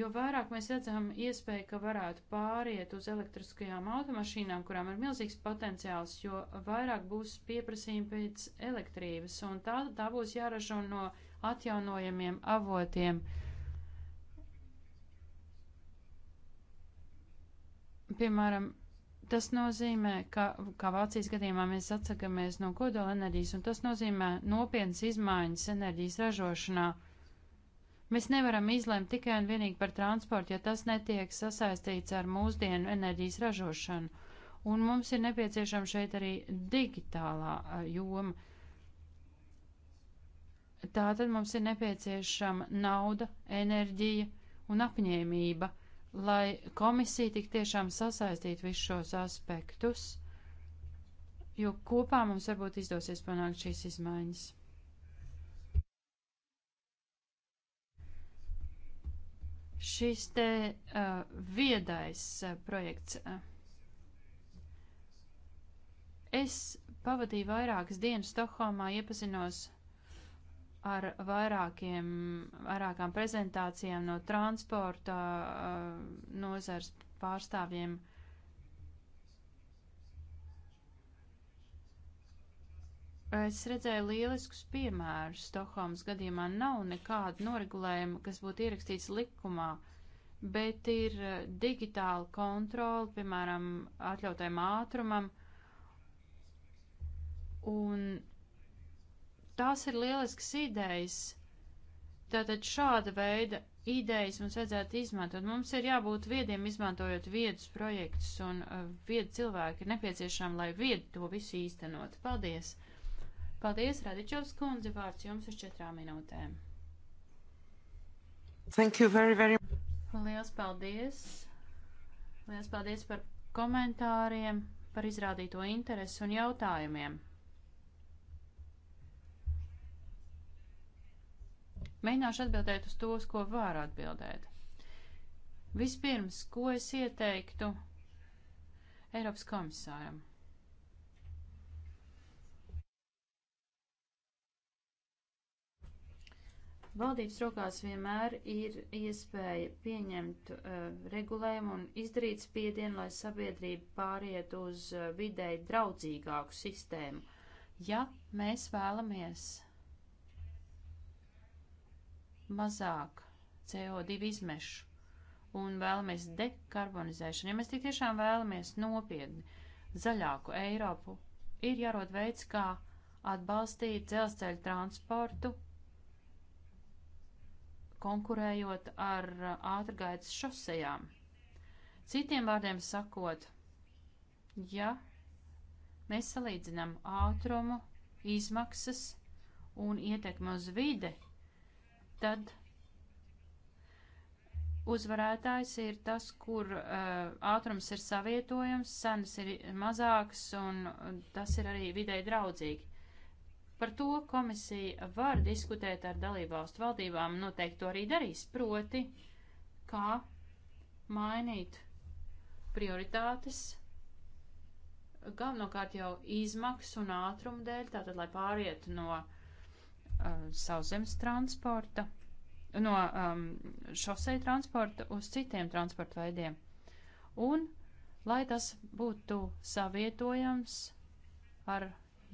jo vairāk mēs redzam iespēju, ka varētu pāriet uz elektriskajām automašīnām, kurām ir milzīgs potenciāls, jo vairāk būs pieprasījumi pēc elektrības, un tā, tā būs jāražo no uh, atjaunojamiem avotiem. Piemēram, tas nozīmē, ka, kā Vācijas gadījumā, mēs atsakamies no kodola enerģijas, un tas nozīmē nopietnas izmaiņas enerģijas ražošanā. Mēs nevaram izlemt tikai un vienīgi par transportu, ja tas netiek sasaistīts ar mūsdienu enerģijas ražošanu. Un mums ir nepieciešama šeit arī digitālā eh, joma. Uh, Tātad mums ir nepieciešama nauda, enerģija un apņēmība, lai komisija tik tiešām sasaistītu visus šos aspektus, jo kopā mums varbūt izdosies panākt šīs izmaiņas. Šis te uh, viedais uh, projekts. Uh, es pavadīju vairākas dienas Stokholmā, iepazinos ar vairākiem, vairākām prezentācijām no transporta eh, nozars pārstāvjiem. Es redzēju lieliskus piemērus. Stokholmas gadījumā nav nekāda noregulējuma, kas būtu ierakstīts likumā, bet ir eh, digitāla kontrola, piemēram, atļautajam ātrumam. Un Tās ir lielisks idejas. Tātad šāda veida idejas mums vajadzētu izmantot. Mums ir jābūt viediem, izmantojot viedus projektus, un uh, viedi cilvēki ir nepieciešami, lai viedi to visu īstenot. Paldies! Paldies, Radičovs kundze, vārds jums uz četrām minūtēm. Thank you very, very much. Liels paldies! Liels paldies par komentāriem, par izrādīto interesi un jautājumiem. Mēģināšu atbildēt uz tos, ko varu atbildēt. Vispirms, ko es ieteiktu Eiropas komisāram? Valdības rokās vienmēr ir iespēja pieņemt uh, regulējumu un izdarīt spiedienu, lai sabiedrība pāriet uz uh, eh, vidēji draudzīgāku sistēmu. Ja mēs vēlamies mazāk CO2 izmešu un vēlamies dekarbonizēšanu, ja mēs tik tiešām vēlamies nopietni zaļāku Eiropu, ir jārod veids, kā atbalstīt dzelzceļu transportu, konkurējot ar ātrgaitas šosejām. Citiem vārdiem sakot, ja mēs salīdzinām ātrumu, izmaksas un ietekmi uz vide, tad uzvarētājs ir tas, kur uh, ātrums ir savietojams, cenas ir mazāks un tas ir arī videi draudzīgi. Par to komisija var diskutēt ar dalībvalstu valdībām, noteikti to arī darīs, proti, kā mainīt prioritātes, galvenokārt jau izmaksu un ātrumu dēļ, tātad, lai pāriet no uh, uh, sauszemes transporta, no um, šosei transporta uz citiem transporta veidiem. Un, lai tas būtu savietojams ar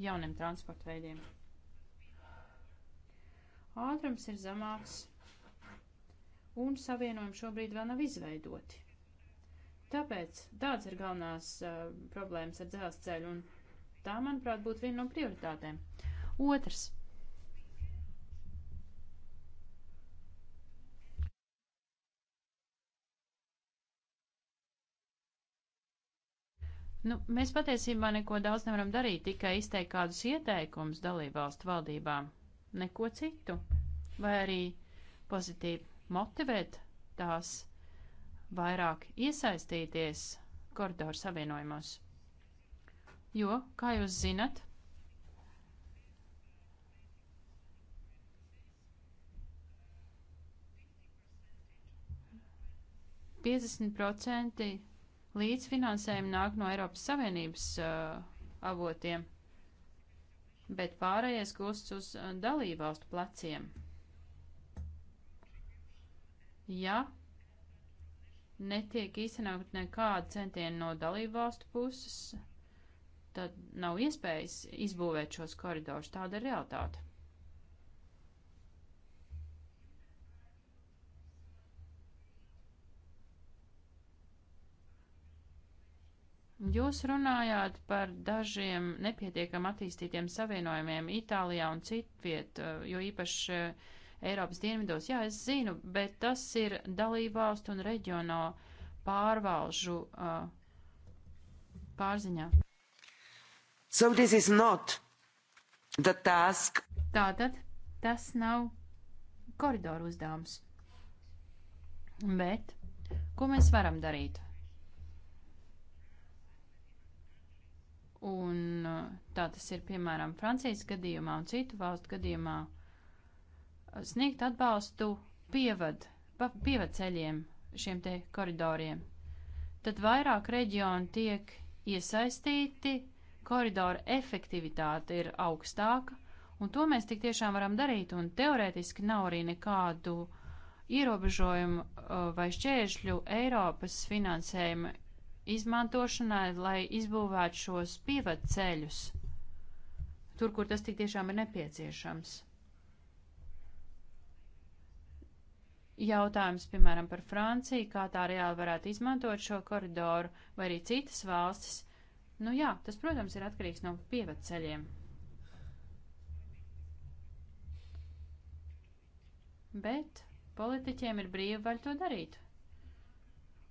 jauniem transporta veidiem. Ātrums ir zemāks, un savienojumi šobrīd vēl nav izveidoti. Tāpēc tāds ir galvenās uh, problēmas ar dzelzceļu, un tā, manuprāt, būtu viena no prioritātēm. Otrs Nu, mēs patiesībā neko daudz nevaram darīt, tikai izteikt kādus ieteikumus dalībvalstu valdībām. Neko citu. Vai arī pozitīvi motivēt tās vairāk iesaistīties koridoru savienojumos. Jo, kā jūs zinat, piecdesmit procenti Līdzfinansējumi nāk no Eiropas Savienības uh, avotiem, bet pārējais gūsts uz dalībvalstu pleciem. Ja netiek īstenot nekāda centiena no dalībvalstu puses, tad nav iespējas izbūvēt šos koridorus. Tāda ir realitāte. Jūs runājāt par dažiem nepietiekam attīstītiem savienojumiem Itālijā un citviet, eh, jo īpaši eh, Eiropas dienvidos. Jā, es zinu, bet tas ir dalībvalstu un reģiono pārvalžu uh, pārziņā. So this is not the task. Tātad tas nav koridoru uzdevums. Bet ko mēs varam darīt? Un eh, tā tas ir piemēram Francijas gadījumā un citu valstu gadījumā. Eh, sniegt atbalstu pievad, pa, pievad ceļiem šiem te koridoriem. Tad vairāk reģionu tiek iesaistīti, koridora efektivitāte ir augstāka, un to mēs tik tiešām varam darīt, un teorētiski nav arī nekādu ierobežojumu eh, vai šķēršļu Eiropas finansējuma izmantošanai, lai izbūvētu šos pievadu ceļus tur, kur tas tik tiešām ir nepieciešams. Jautājums, piemēram, par Franciju, kā tā reāli varētu izmantot šo koridoru, vai arī citas valstis. Nu jā, tas, protams, ir atkarīgs no pievedceļiem. Bet politiķiem ir brīva vaļa to darīt.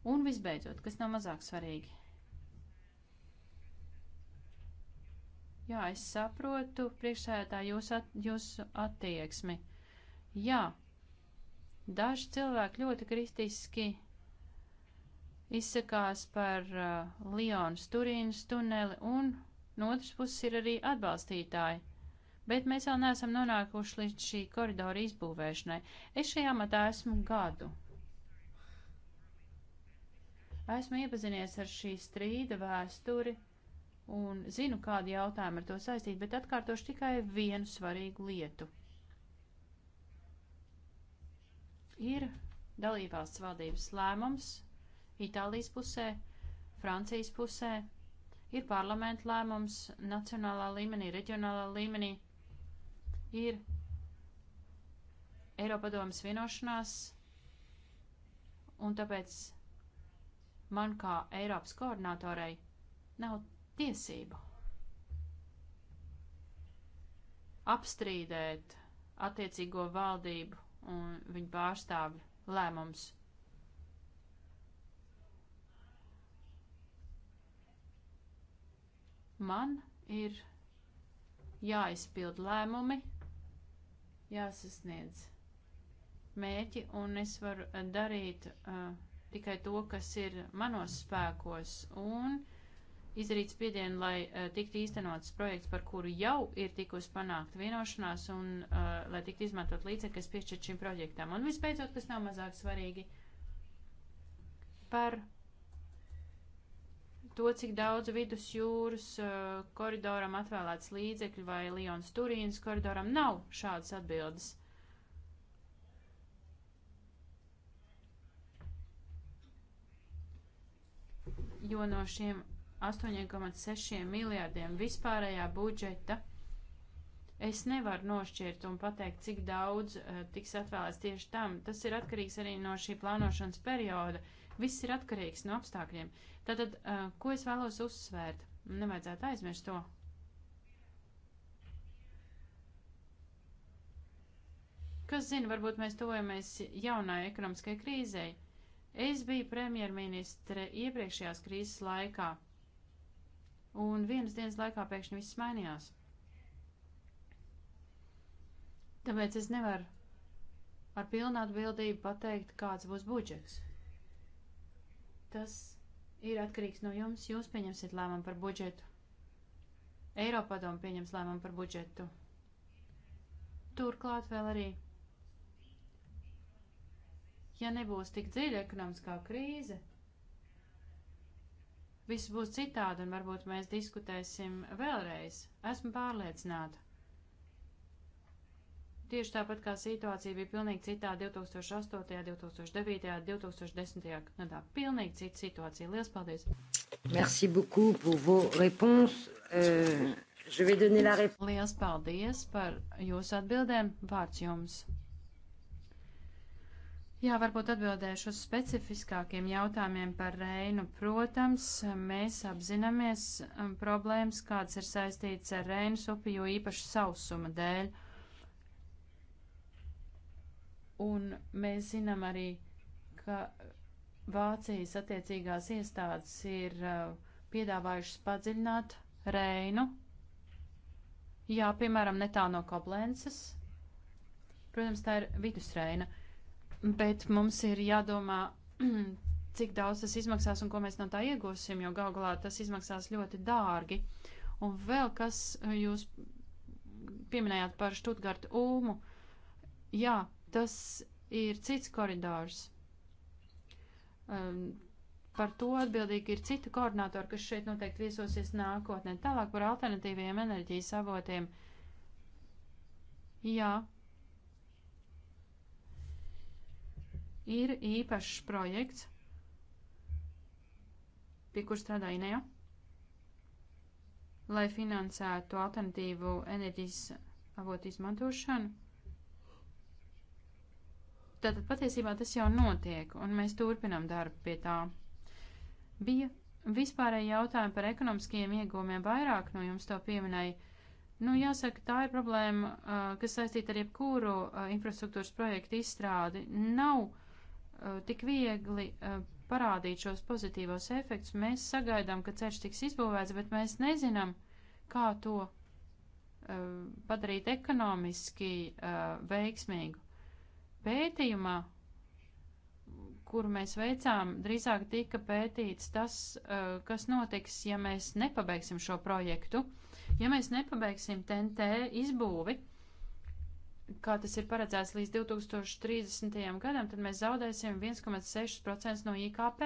Un visbeidzot, kas nav mazāk svarīgi. Jā, es saprotu priekšsēdētā jūsu at, jūs attieksmi. Jā, daži cilvēki ļoti kristiski izsakās par uh, Lionas Turīnas tuneli un no otras puses ir arī atbalstītāji. Bet mēs vēl neesam nonākuši līdz šī koridora izbūvēšanai. Es šajā matā esmu gadu. Esmu iepazinies ar šī strīda vēsturi un zinu, kādi jautājumi ar to saistīti, bet atkārtošu tikai vienu svarīgu lietu. Ir dalībvalsts valdības lēmums Itālijas pusē, Francijas pusē, ir parlamenta lēmums nacionālā līmenī, reģionālā līmenī, ir Eiropadomas vienošanās, un tāpēc man kā Eiropas koordinatorei nav tiesību apstrīdēt attiecīgo valdību un viņu pārstāvju lēmums. Man ir jāizpild lēmumi, jāsasniedz mērķi, un es varu darīt uh, tikai to, kas ir manos spēkos un izdarīt spiedienu, lai uh, tiktu īstenots projekts, par kuru jau ir tikusi panākt vienošanās un uh, lai tiktu izmantot līdzekļi, kas piešķirt šim projektam. Un visbeidzot, kas nav mazāk svarīgi, par to, cik daudz vidus jūras uh, eh, koridoram atvēlēts līdzekļu vai Lions Turīnas koridoram nav šādas atbildes. jo no šiem 8,6 miljārdiem vispārējā budžeta es nevaru nošķirt un pateikt, cik daudz uh, tiks atvēlēts tieši tam. Tas ir atkarīgs arī no šī plānošanas perioda. Viss ir atkarīgs no apstākļiem. Tātad, uh, ko es vēlos uzsvērt? Nevajadzētu aizmirst to. Kas zina, varbūt mēs tojamies jaunai ekonomiskai krīzei. Es biju premjerministre iepriekšējās krīzes laikā, un vienas dienas laikā pēkšņi viss mainījās. Tāpēc es nevaru ar pilnu atbildību pateikt, kāds būs budžets. Tas ir atkarīgs no jums, jūs pieņemsiet lēmumu par budžetu. Eiropadomu pieņems lēmumu par budžetu. Turklāt vēl arī ja nebūs tik dziļa ekonomiskā krīze, viss būs citādi un varbūt mēs diskutēsim vēlreiz. Esmu pārliecināta. Tieši tāpat kā situācija bija pilnīgi citā 2008., 2009., 2010. gadā. Pilnīgi cita situācija. Lielas paldies! Merci beaucoup pour vos réponses. Euh, je vais donner la réponse. Lielas paldies par jūsu atbildēm. Vārds jums! Jā, varbūt atbildēšu uz specifiskākiem jautājumiem par Reinu. Protams, mēs apzināmies um, problēmas, kādas ir saistītas ar Reinas upi, jo īpaši sausuma dēļ. Un mēs zinām arī, ka Vācijas attiecīgās iestādes ir uh, piedāvājušas padziļināt Reinu. Jā, piemēram, netālu no Koblences. Protams, tā ir vidusreina. Uh, bet mums ir jādomā, *clears throat* cik daudz tas izmaksās un ko mēs no tā iegūsim, jo gal galā tas izmaksās ļoti dārgi. Un vēl kas eh, jūs pieminējāt par Štutgartu Ulmu. Jā, tas ir cits koridors. Um, par to atbildīgi ir citi koordinātori, kas šeit noteikti viesosies nākotnē. Tālāk par alternatīviem enerģijas avotiem. Jā, ir īpašs projekts, pie kur strādā Ineja, lai finansētu alternatīvu enerģijas avotu izmantošanu. Tātad patiesībā tas jau notiek, un mēs turpinām darbu pie tā. Bija vispārēji jautājumi par ekonomiskajiem iegūmiem, vairāk no nu, jums to pieminēja. Nu, jāsaka, tā ir problēma, uh, kas saistīta ar jebkuru uh, infrastruktūras projektu izstrādi. Nav Eh, tik viegli eh, parādīt šos pozitīvos efektus. Mēs sagaidām, ka ceļš tiks izbūvēts, bet mēs nezinām, kā to eh, padarīt ekonomiski veiksmīgu. Pētījumā, kuru mēs veicām, drīzāk tika pētīts tas, kas notiks, ja mēs nepabeigsim šo projektu. Ja mēs nepabeigsim TNT izbūvi, kā tas ir paredzēts līdz 2030. gadam, tad mēs zaudēsim 1,6% no IKP.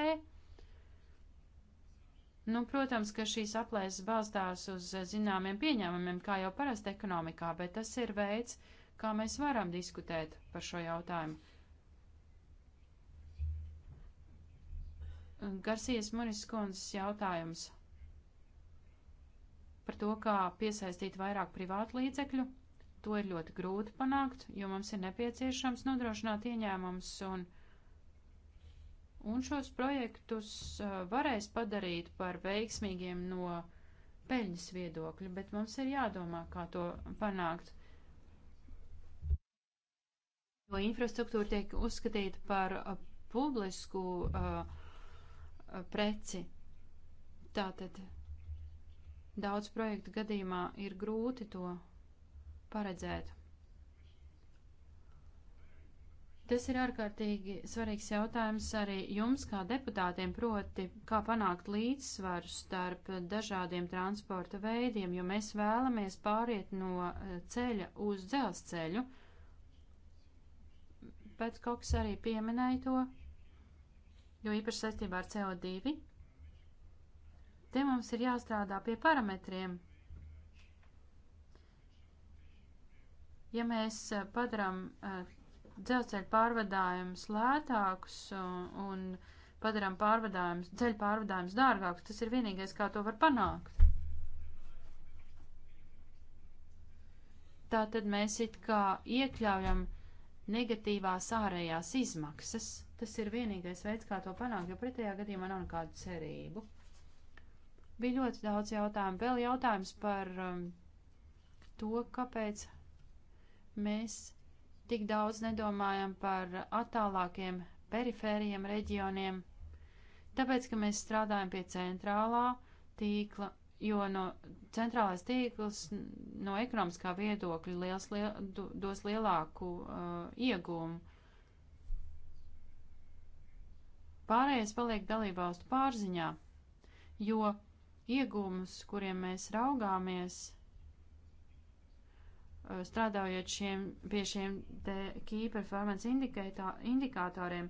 Nu, protams, ka šīs aplēses balstās uz zināmiem pieņēmumiem, kā jau parasti ekonomikā, bet tas ir veids, kā mēs varam diskutēt par šo jautājumu. Garcijas Munis kundzes jautājums par to, kā piesaistīt vairāk privātu līdzekļu To ir ļoti grūti panākt, jo mums ir nepieciešams nodrošināt ieņēmums un, un šos projektus uh, varēs padarīt par veiksmīgiem no peļņas viedokļa, bet mums ir jādomā, kā to panākt. Jo infrastruktūra tiek uzskatīta par uh, publisku uh, preci. Tātad daudz projektu gadījumā ir grūti to paredzēt. Tas ir ārkārtīgi svarīgs jautājums arī jums, kā deputātiem, proti, kā panākt līdzsvaru starp dažādiem transporta veidiem, jo mēs vēlamies pāriet no eh, ceļa uz dzelzceļu. Pēc kaut kas arī pieminēja to, jo īpaši saistībā ar CO2. Te mums ir jāstrādā pie parametriem, Ja mēs eh, padaram eh, dzelzceļa pārvadājumus lētākus un padaram pārvadājumus, ceļu pārvadājumus dārgākus, tas ir vienīgais, kā to var panākt. Tātad mēs it kā iekļaujam negatīvās ārējās izmaksas. Tas ir vienīgais veids, kā to panākt, jo pretējā gadījumā nav nekādu cerību. Bija ļoti daudz jautājumu. Vēl jautājums par um, to, kāpēc mēs tik daudz nedomājam par attālākiem perifēriem reģioniem, tāpēc, ka mēs strādājam pie centrālā tīkla, jo no centrālais tīkls no ekonomiskā viedokļa liels, liel, dos lielāku uh, iegūmu. Pārējais paliek dalībvalstu pārziņā, jo iegūmus, kuriem mēs raugāmies, Eh, strādājot šiem, pie šiem key performance indikatoriem,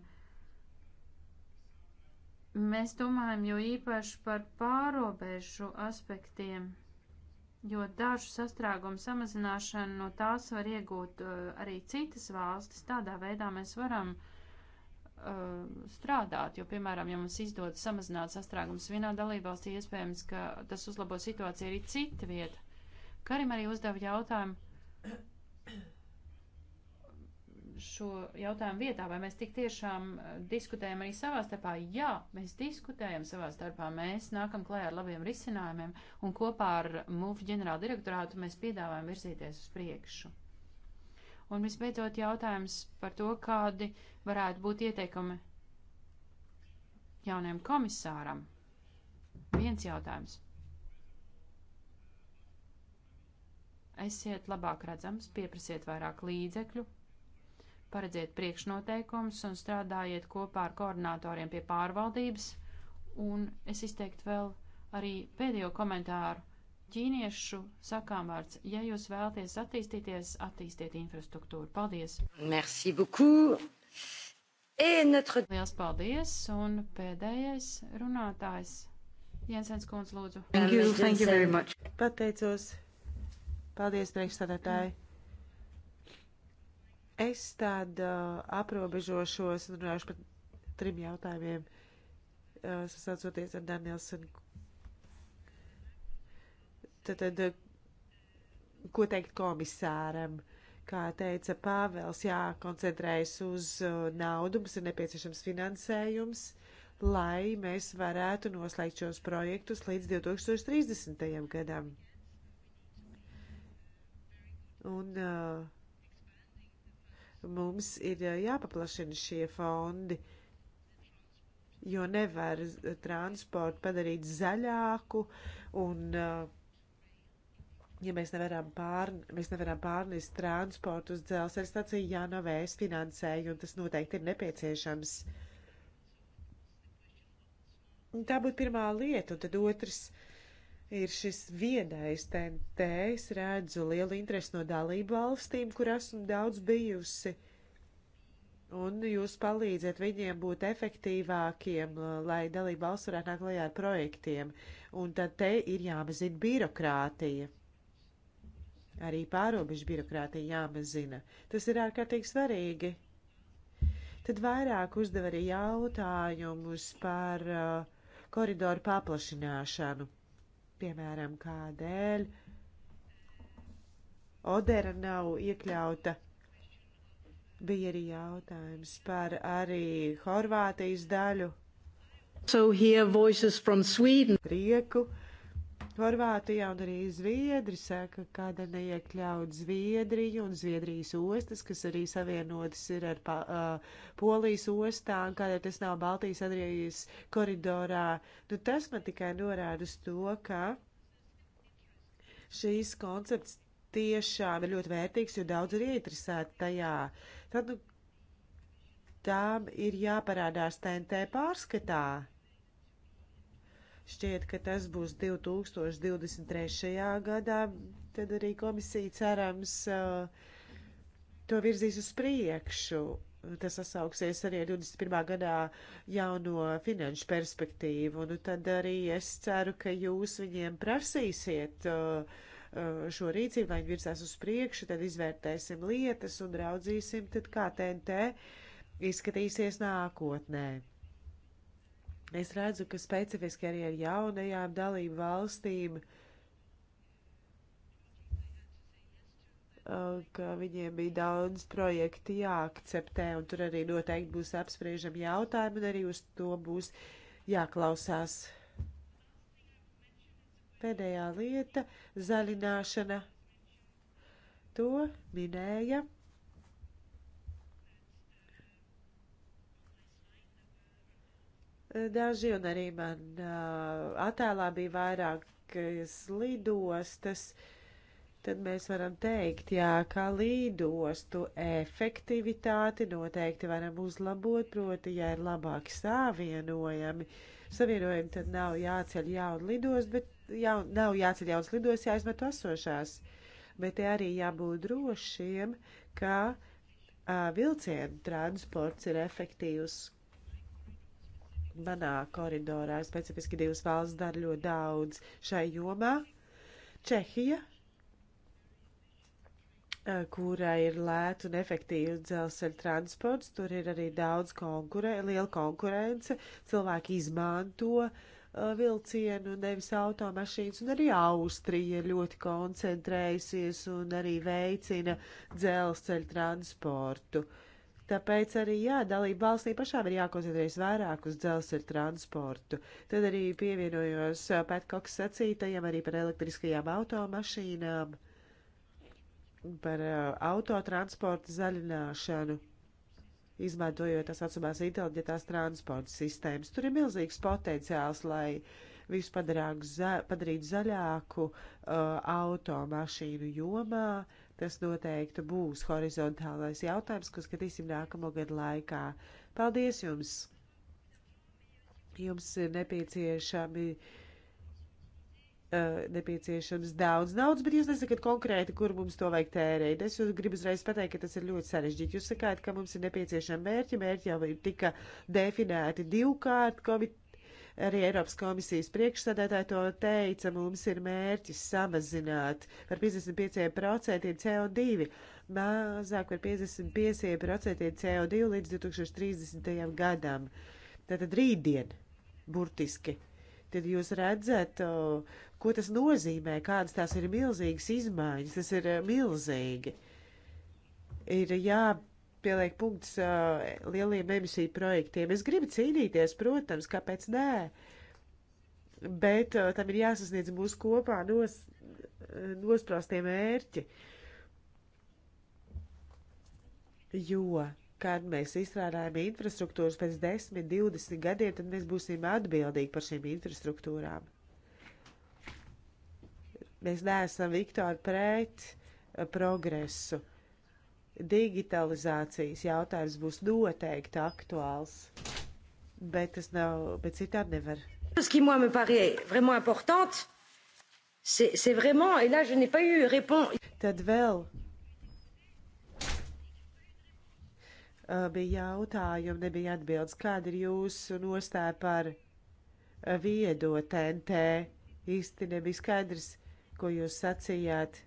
mēs domājam jo īpaši par pārobežu aspektiem, jo dažu sastrēgumu samazināšanu no tās var iegūt uh, arī citas valstis. Tādā veidā mēs varam uh, strādāt, jo, piemēram, ja mums izdodas samazināt sastrēgumus vienā dalībvalstī, iespējams, ka tas uzlabo situāciju arī cita vieta. Karim arī uzdeva jautājumu, šo jautājumu vietā, vai mēs tik tiešām eh, diskutējam arī savā starpā? Jā, mēs diskutējam savā starpā, mēs nākam klējā ar labiem risinājumiem un kopā ar MUF ģenerāla direktorātu mēs piedāvājam virzīties uz priekšu. Un visbeidzot jautājums par to, kādi varētu būt ieteikumi jaunajam komisāram. Viens jautājums. Esiet labāk redzams, pieprasiet vairāk līdzekļu, paredziet priekšnoteikumus un strādājiet kopā ar koordinatoriem pie pārvaldības. Un es izteiktu vēl arī pēdējo komentāru. Ķīniešu sakām vārds, ja jūs vēlaties attīstīties, attīstiet infrastruktūru. Paldies! Merci beaucoup! Et notre... Liels paldies! Un pēdējais runātājs Jensens Kunz, lūdzu. Thank you, thank you very much. Pateicos Paldies, priekšsēdētāji. Es tādu uh, aprobežošos un runāšu par trim jautājumiem, uh, sasaucoties ar Danielsonu. Tad, tad, uh, ko teikt komisāram? Kā teica Pāvels, jākoncentrējas uz uh, naudu, mums ir nepieciešams finansējums, lai mēs varētu noslēgt šos projektus līdz 2030. gadam. Un mums ir jāpaplašina šie fondi, jo nevar transportu padarīt zaļāku un uh, ja mēs nevaram, pār, mēs nevaram pārnest transportu uz dzelzceļa stāciju, jānovēs finansēju, un tas noteikti ir nepieciešams. Tā būtu pirmā lieta, un tad otrs ir šis viedais TNT. Es redzu lielu interesi no dalību valstīm, kur esmu daudz bijusi. Un jūs palīdzat viņiem būt efektīvākiem, lai dalība valsts varētu nākt klajā ar projektiem. Un tad te ir jāmazina birokrātija. Arī pārobežu birokrātija jāmazina. Tas ir ārkārtīgi svarīgi. Tad vairāk uzdev arī jautājumus par uh, koridoru paplašināšanu. Piemēram, kādēļ Odera nav iekļauta. Bija arī jautājums par arī Horvātijas daļu. So here voices from Sweden. Prieku. Uh, Horvātijā un arī Zviedri saka, kāda neiekļaut Zviedriju un Zviedrijas ostas, kas arī savienotas ir ar pa, uh, Polijas ostām, kādēļ tas nav Baltijas Adrijas koridorā. Nu, tas man tikai norāda uz to, ka šīs koncepts tiešām ir ļoti vērtīgs, jo daudz ir ieinteresēti tajā. Tad, nu, tām ir jāparādās TNT pārskatā Šķiet, ka tas būs 2023. gadā, tad arī komisija cerams uh, to virzīs uz priekšu. Tas sasauksies arī 21. gadā jauno finanšu perspektīvu. Nu, tad arī es ceru, ka jūs viņiem prasīsiet uh, uh šo rīcību, lai viņi virsās uz priekšu, tad izvērtēsim lietas un raudzīsim, tad kā TNT izskatīsies nākotnē. Es redzu, ka specifiski arī ar jaunajām dalību valstīm, uh, ka viņiem bija daudz projekti jāakceptē, un tur arī noteikti būs apspriežami jautājumi, un arī uz to būs jāklausās. Pēdējā lieta - zaļināšana. To minēja daži, un arī man attēlā bija vairākas lidostas, tad mēs varam teikt, jā, ka lidostu efektivitāti noteikti varam uzlabot, proti, ja ir labāk savienojami. Savienojumi tad nav jāceļ jaunu lidostu, bet jau, nav jāceļ jaunas lidostu, jāizmet esošās. Bet te arī jābūt drošiem, ka uh, vilcienu transports ir efektīvs manā koridorā specifiski divas valsts dara ļoti daudz šai jomā. Čehija, eh, kurai ir lēta un efektīva dzelzceļa transports, tur ir arī daudz konkurē, liela konkurence, cilvēki izmanto eh, vilcienu, nevis automašīnas, un arī Austrija ļoti koncentrējusies un arī veicina dzelzceļa transportu. Uh, Tāpēc arī, jā, dalība valstī pašām ir jākoncentrējas vairāk uz dzelzceļa transportu. Tad arī pievienojos Pētkoks sacītajam arī par elektriskajām automašīnām, par uh, autotransporta zaļināšanu izmantojot tās atsumās inteliģentās transporta sistēmas. Tur ir milzīgs potenciāls, lai visu padarāku, za, padarītu zaļāku uh, automašīnu jomā. Uh, Tas noteikti būs horizontālais jautājums, ko skatīsim nākamo gadu laikā. Paldies jums! Jums ir nepieciešami. Uh, nepieciešams daudz naudas, bet jūs nesakat konkrēti, kur mums to vajag tērēt. Es jums gribu uzreiz pateikt, ka tas ir ļoti sarežģīti. Jūs sakāt, ka mums ir nepieciešami mērķi, mērķi jau ir tika definēti divkārt, COVID Arī Eiropas komisijas priekšsēdētāji to teica, mums ir mērķis samazināt par 55% CO2, mazāk par 55% CO2 līdz 2030. gadam. Tātad rītdien, burtiski. Tad jūs redzat, ko tas nozīmē, kādas tās ir milzīgas izmaiņas, tas ir e, milzīgi. Ir jā pieliek punkts uh, lieliem emisiju projektiem. Es gribu cīnīties, protams, kāpēc nē, bet uh, tam ir jāsasniedz mūsu kopā nos, nosprāstie mērķi. Jo kad mēs izstrādājam infrastruktūras pēc 10, 20 gadiem, tad mēs būsim atbildīgi par šīm infrastruktūrām. Mēs neesam Viktori pret progresu digitalizācijas jautājums būs noteikti aktuāls, bet tas nav, bet citādi nevar. Ce qui, moi, me paraît vraiment importante, c'est vraiment, et là, je n'ai pas eu réponse. Tad vēl bija jautājumi, nebija atbildes. Kāda ir jūsu nostāja par viedo TNT? Īsti nebija skaidrs, ko jūs sacījāt.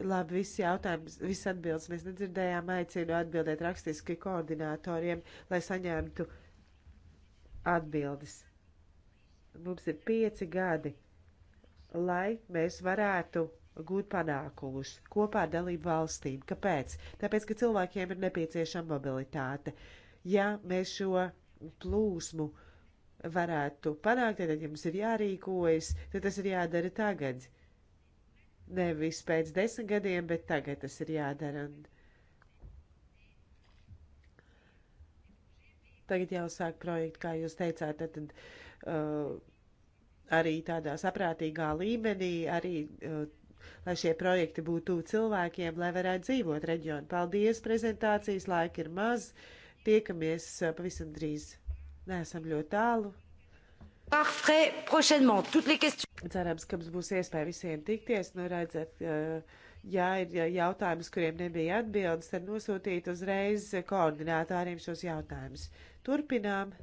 Labi, visi jautājums, visi atbildes mēs nedzirdējām. Aicinu atbildēt rakstiski koordinātoriem, lai saņemtu atbildes. Mums ir pieci gadi, lai mēs varētu gūt panākumus kopā ar dalību valstīm. Kāpēc? Tāpēc, ka cilvēkiem ir nepieciešama mobilitāte. Ja mēs šo plūsmu varētu panākt, tad, ja mums ir jārīkojas, tad tas ir jādara tagad nevis pēc desmit gadiem, bet tagad tas ir jādara. Un tagad jau sāk projektu, kā jūs teicāt, tad, tad uh, arī tādā saprātīgā līmenī, arī, uh, lai šie projekti būtu tuvu cilvēkiem, lai varētu dzīvot reģionu. Paldies, prezentācijas laika ir maz, tiekamies uh, pavisam drīz. Nē, esam ļoti tālu. Cerams, ka mums būs iespēja visiem tikties, nu redzēt, ja ir jautājums, kuriem nebija atbildes, tad nosūtīt uzreiz koordinātāriem šos jautājumus. Turpinām.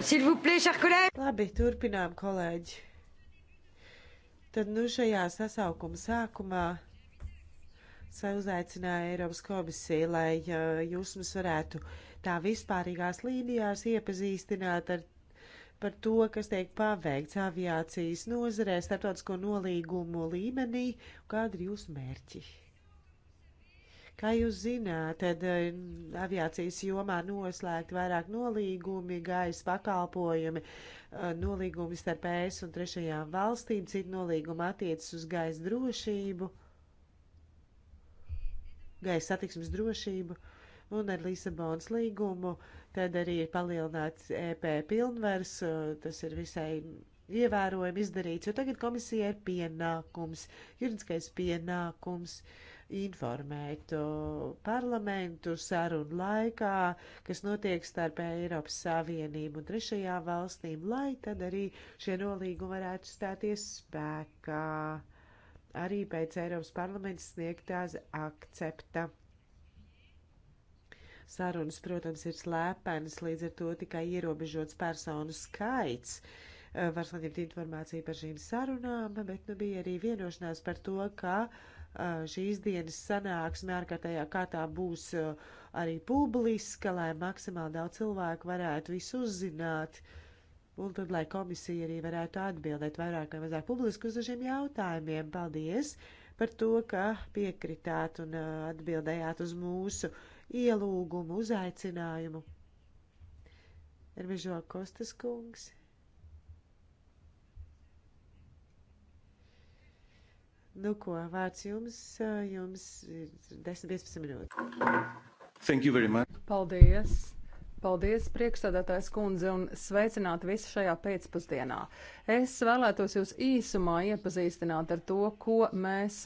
Labi, turpinām, kolēģi. Tad nu šajā sasaukuma sākumā uzaicināja Eiropas komisiju, lai jūs mums varētu tā vispārīgās līnijās iepazīstināt ar par to, kas tiek paveikts aviācijas nozarē starptautisko nolīgumu līmenī, kāda ir jūsu mērķi. Kā jūs zināt, tad eh, aviācijas jomā noslēgt vairāk nolīgumi, gaisa pakalpojumi, eh, nolīgumi starp ES un trešajām valstīm, citi nolīgumi attiecas uz gaisa drošību, gaisa satiksmes drošību, un ar Lisabonas līgumu tad arī ir palielināts EP pilnvers, eh, tas ir visai ievērojami izdarīts, jo tagad komisija ir pienākums, juridiskais pienākums. Uh, informēt parlamentu sarunu laikā, kas notiek starp Eiropas Savienību un trešajām valstīm, lai tad arī šie nolīgumi varētu stāties spēkā. Arī pēc Eiropas parlamenta sniegtās akcepta. Sarunas, protams, ir slēpenas, līdz ar to tikai ierobežots personu skaits. Var saņemt informāciju par šīm sarunām, bet nu bija arī vienošanās par to, ka uh, Eh, šīs dienas sanāksme ārkārtējā kārtā būs eh, arī publiska, lai maksimāli daudz cilvēku varētu visu uzzināt. Un tad, lai komisija arī varētu atbildēt vairāk vai mazāk publiski uz dažiem jautājumiem. Paldies par to, ka piekritāt un eh, atbildējāt uz mūsu ielūgumu, uzaicinājumu. Ervežo Kostas kungs. Nu ko, vārds jums, jums ir 10-15 minūtes. Thank you very much. Paldies. Paldies, priekšsēdētājs kundze, un sveicināt visu šajā pēcpusdienā. Es vēlētos jūs īsumā iepazīstināt ar to, ko mēs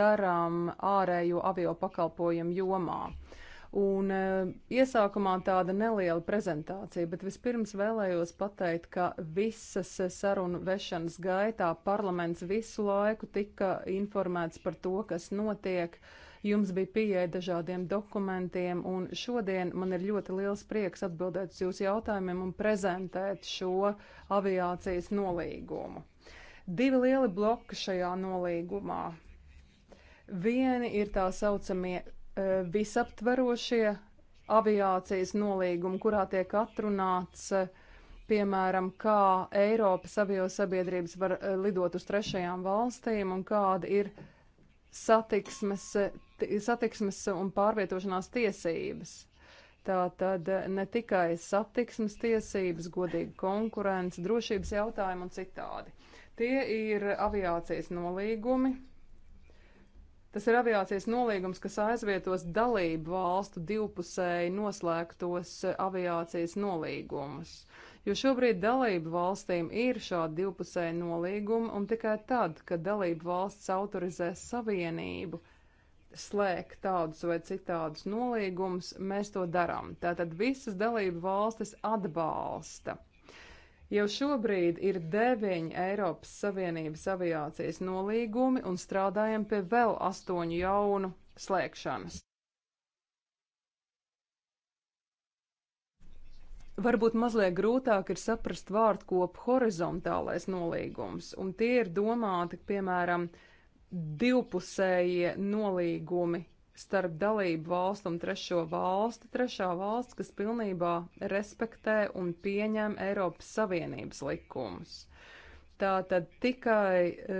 darām ārējo avio pakalpojumu jomā. Uh, Un eh, iesākumā tāda neliela prezentācija, bet vispirms vēlējos pateikt, ka visas eh, sarunu vešanas gaitā parlaments visu laiku tika informēts par to, kas notiek. Jums bija pieeja dažādiem dokumentiem, un šodien man ir ļoti liels prieks atbildēt uz jūsu jautājumiem un prezentēt šo aviācijas nolīgumu. Divi lieli bloki šajā nolīgumā. Vieni ir tā saucamie E, visaptverošie aviācijas nolīgumi, kurā tiek atrunāts, e, piemēram, kā Eiropas aviosabiedrības var e, lidot uz trešajām valstīm un kāda ir satiksmes, satiksmes un pārvietošanās tiesības. Tā tad ne tikai satiksmes tiesības, godīga konkurence, drošības jautājumi un citādi. Tie ir aviācijas nolīgumi, Tas ir aviācijas nolīgums, kas aizvietos dalību valstu divpusēji noslēgtos aviācijas nolīgumus. Jo šobrīd dalību valstīm ir šādi divpusēji nolīgumi, un tikai tad, kad dalību valsts autorizēs savienību, slēgt tādus vai citādus nolīgumus, mēs to darām. Tātad visas dalību valstis atbalsta Jau šobrīd ir deviņi Eiropas Savienības aviācijas nolīgumi un strādājam pie vēl astoņu jaunu slēgšanas. Varbūt mazliet grūtāk ir saprast vārdkopu horizontālais nolīgums, un tie ir domāti, piemēram, divpusējie nolīgumi starp dalību valstu un trešo valstu, trešā valsts, kas pilnībā respektē un pieņem Eiropas Savienības likumus. Tā tad tikai e,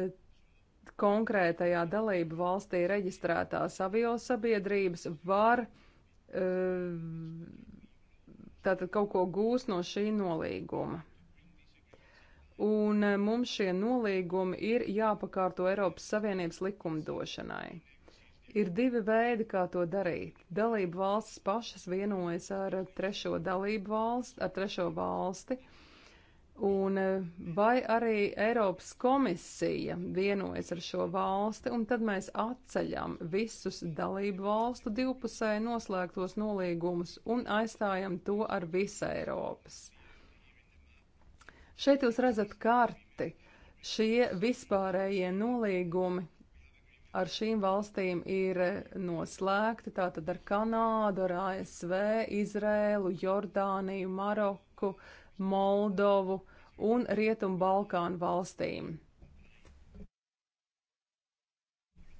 konkrētajā dalību valstī reģistrētās aviosabiedrības var e, tātad kaut ko gūst no šī nolīguma. Un e, mums šie nolīgumi ir jāpakārto Eiropas Savienības likumdošanai. Ir divi veidi, kā to darīt. Dalību valstis pašas vienojas ar trešo dalību valsti, ar trešo valsti, un eh, vai arī Eiropas komisija vienojas ar šo valsti, un tad mēs atceļam visus dalību valstu divpusēji noslēgtos nolīgumus un aizstājam to ar visu Eiropas. Šeit jūs redzat karti. Šie vispārējie nolīgumi, ar šīm valstīm ir noslēgti, tātad ar Kanādu, ar ASV, Izrēlu, Jordāniju, Maroku, Moldovu un Rietumu Balkānu valstīm.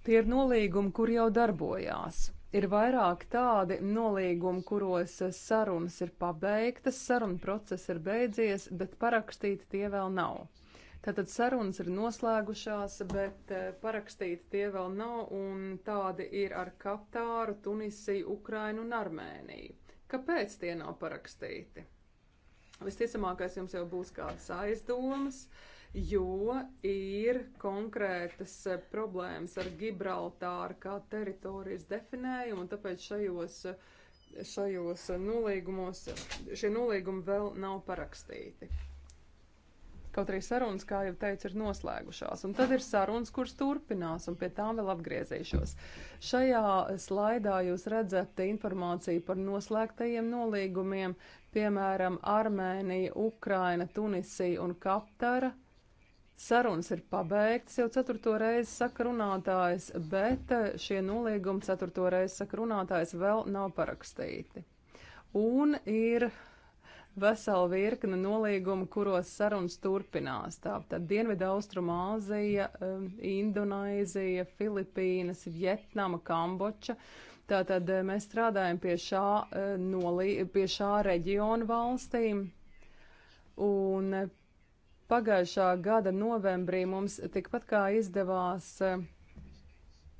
Tie ir nolīgumi, kur jau darbojās. Ir vairāk tādi nolīgumi, kuros sarunas ir pabeigtas, saruna process ir beidzies, bet parakstīti tie vēl nav. Tātad sarunas ir noslēgušās, bet eh, parakstīti tie vēl nav, un tādi ir ar Katāru, Tunisiju, Ukrainu un Armēniju. Kāpēc tie nav parakstīti? Visticamākais jums jau būs kādas aizdomas, jo ir konkrētas eh, problēmas ar Gibraltāru kā teritorijas definējumu, un tāpēc šajos, šajos nolīgumos šie nolīgumi vēl nav parakstīti. Kaut arī sarunas, kā jau teicu, ir noslēgušās. Un tad ir sarunas, kuras turpinās, un pie tām vēl atgriezīšos. Šajā slaidā jūs redzat informāciju par noslēgtajiem nolīgumiem, piemēram, Armēnija, Ukraina, Tunisija un Katara. Sarunas ir pabeigtas jau ceturto reizi saka runātājs, bet šie nolīgumi ceturto reizi saka runātājs vēl nav parakstīti. Un ir vesela virkne nolīgumu, kuros sarunas turpinās. Tātad Dienvidu Austruma Āzija, um, Indonēzija, Filipīnas, Vietnama, Kamboča. Tātad eh, mēs strādājam pie šā, eh, nolī, pie šā reģiona valstīm. Un eh, pagājušā gada novembrī mums tikpat kā izdevās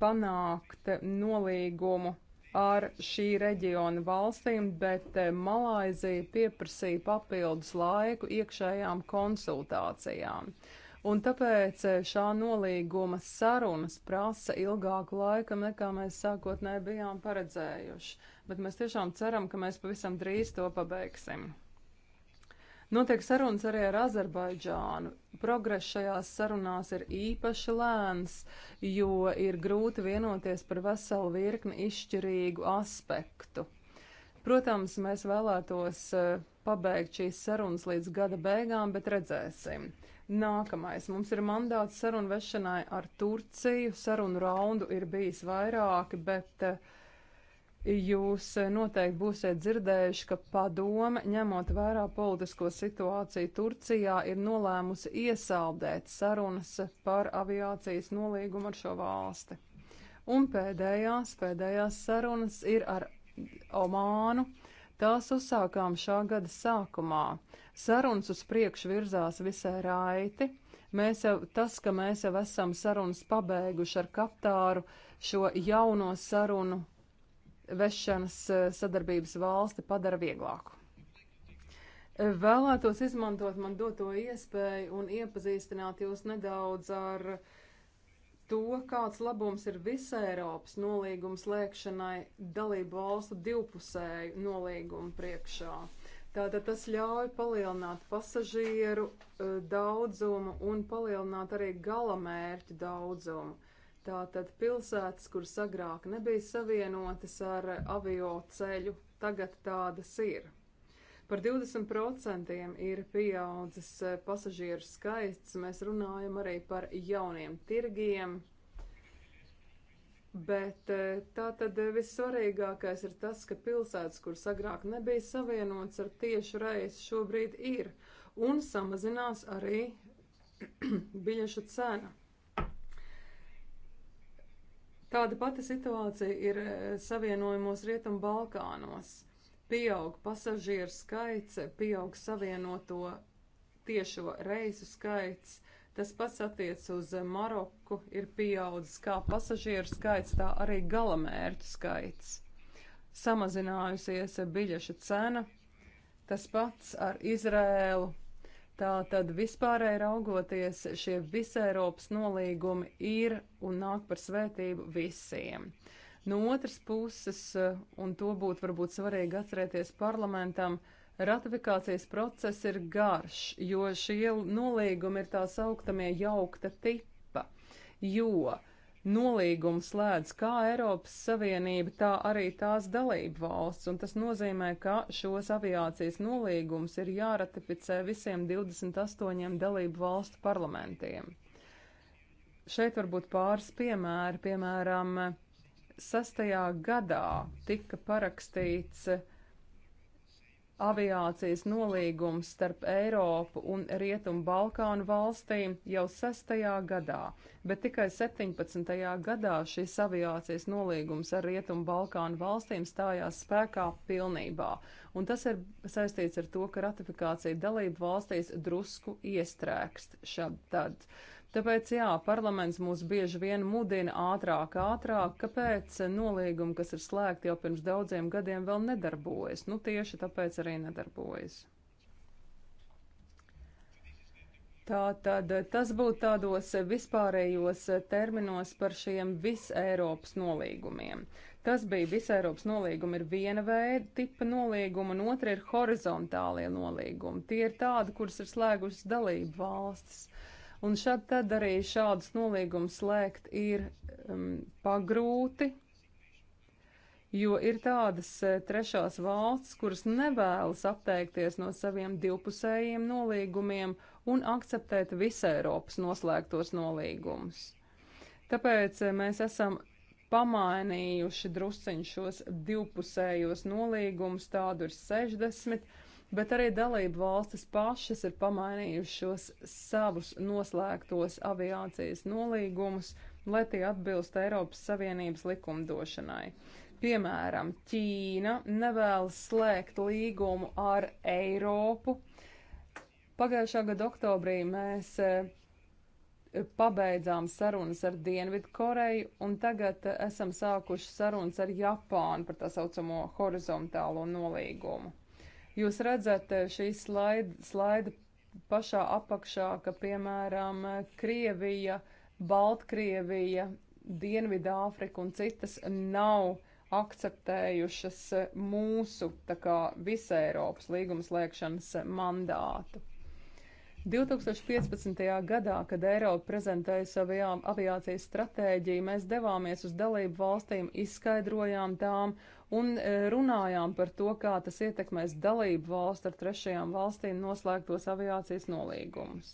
panākt nolīgumu ar šī reģiona valstīm, bet eh, Malaizija pieprasīja papildus laiku iekšējām konsultācijām. Un tāpēc eh, šā nolīguma sarunas prasa ilgāku laiku, nekā mēs sākotnēji bijām paredzējuši. Bet mēs tiešām ceram, ka mēs pavisam drīz to pabeigsim. Notiek sarunas arī ar Azerbaidžānu. Progress šajās sarunās ir īpaši lēns, jo ir grūti vienoties par veselu virkni izšķirīgu aspektu. Protams, mēs vēlētos eh, pabeigt šīs sarunas līdz gada beigām, bet redzēsim. Nākamais. Mums ir mandāts sarunu vešanai ar Turciju. Sarunu raundu ir bijis vairāki, bet uh, Jūs eh, noteikti būsiet dzirdējuši, ka padome, ņemot vērā politisko situāciju Turcijā, ir nolēmusi iesaldēt sarunas par aviācijas nolīgumu ar šo valsti. Un pēdējās, pēdējās sarunas ir ar Omānu. Tās uzsākām šā gada sākumā. Sarunas uz priekšu virzās visai raiti. Mēs jau, tas, ka mēs jau esam sarunas pabeiguši ar Katāru, šo jauno sarunu vešanas eh, sadarbības valsti padara vieglāku. Vēlētos izmantot man doto iespēju un iepazīstināt jūs nedaudz ar to, kāds labums ir visai Eiropas nolīgums lēkšanai dalību valstu divpusēju nolīgumu priekšā. Tātad tas ļauj palielināt pasažieru eh, daudzumu un palielināt arī galamērķu daudzumu. Tātad pilsētas, kuras agrāk nebija savienotas ar avio ceļu, tagad tādas ir. Par 20% ir pieaudzis eh, pasažieru skaits. Mēs runājam arī par jauniem tirgiem. Bet eh, tā tad vissvarīgākais ir tas, ka pilsētas, kuras agrāk nebija savienotas ar tiešu reisu, šobrīd ir. Un samazinās arī *clears throat* biļešu cena. Tāda pati situācija ir e, savienojumos Rietumu Balkānos. Pieaug pasažieru skaits, pieaug savienoto tiešo reisu skaits. Tas pats attiecas uz Maroku, ir pieaudzis kā pasažieru skaits, tā arī galamērķu skaits. Samazinājusies biļešu cena, tas pats ar Izrēlu, Tā tad vispārēji raugoties, šie visi Eiropas nolīgumi ir un nāk par svētību visiem. No otras puses, un to būtu varbūt svarīgi atcerēties parlamentam, ratifikācijas process ir garš, jo šie nolīgumi ir tā sauktamie jaukta tipa, jo uh, nolīgumu slēdz kā Eiropas Savienība, tā arī tās dalību valsts, un tas nozīmē, ka šos aviācijas nolīgumus ir jāratificē visiem 28 dalību valstu parlamentiem. Šeit varbūt pāris piemēri, piemēram, sastajā gadā tika parakstīts aviācijas nolīgums starp Eiropu un Rietumu Balkānu valstīm jau sestajā gadā, bet tikai 17. gadā šis aviācijas nolīgums ar Rietumu Balkānu valstīm stājās spēkā pilnībā, un tas ir saistīts ar to, ka ratifikācija dalību valstīs drusku iestrēgst šad tad. Uh, Tāpēc, jā, parlaments mūs bieži vien mudina ātrāk, ātrāk, kāpēc nolīgumi, kas ir slēgti jau pirms daudziem gadiem, vēl nedarbojas. Nu, tieši tāpēc arī nedarbojas. Tā tad tas būtu tādos vispārējos terminos par šiem visēropas nolīgumiem. Tas bija visēropas nolīgumi, ir viena veida tipa nolīguma, un otra ir horizontālie nolīgumi. Tie ir tādi, kuras ir slēgušas dalību valstis. Un šad tad arī šādas nolīgumas slēgt ir um, pagrūti, jo ir tādas eh, trešās valsts, kuras nevēlas atteikties no saviem divpusējiem nolīgumiem un akceptēt visu Eiropas noslēgtos nolīgumus. Tāpēc eh, mēs esam pamainījuši drusciņš šos divpusējos nolīgumus, tādu ir 60, bet arī dalību valstis pašas ir pamainījušos savus noslēgtos aviācijas nolīgumus, lai tie atbilst Eiropas Savienības likumdošanai. Piemēram, Ķīna nevēlas slēgt līgumu ar Eiropu. Pagājušā gada oktobrī mēs e, pabeidzām sarunas ar Dienvidkoreju, un tagad e, esam sākuši sarunas ar Japānu par tā saucamo horizontālo nolīgumu. Jūs redzat eh, šī slaida, slaida pašā apakšā, ka, piemēram, Krievija, Baltkrievija, Dienvidāfrika un citas nav akceptējušas eh, mūsu, tā kā visai Eiropas līguma slēgšanas eh, mandātu. 2015. gadā, kad Eiropa prezentēja savu aviācijas stratēģiju, mēs devāmies uz dalību valstīm, izskaidrojām tām un e, runājām par to, kā tas ietekmēs dalību valstu ar trešajām valstīm noslēgtos aviācijas nolīgumus.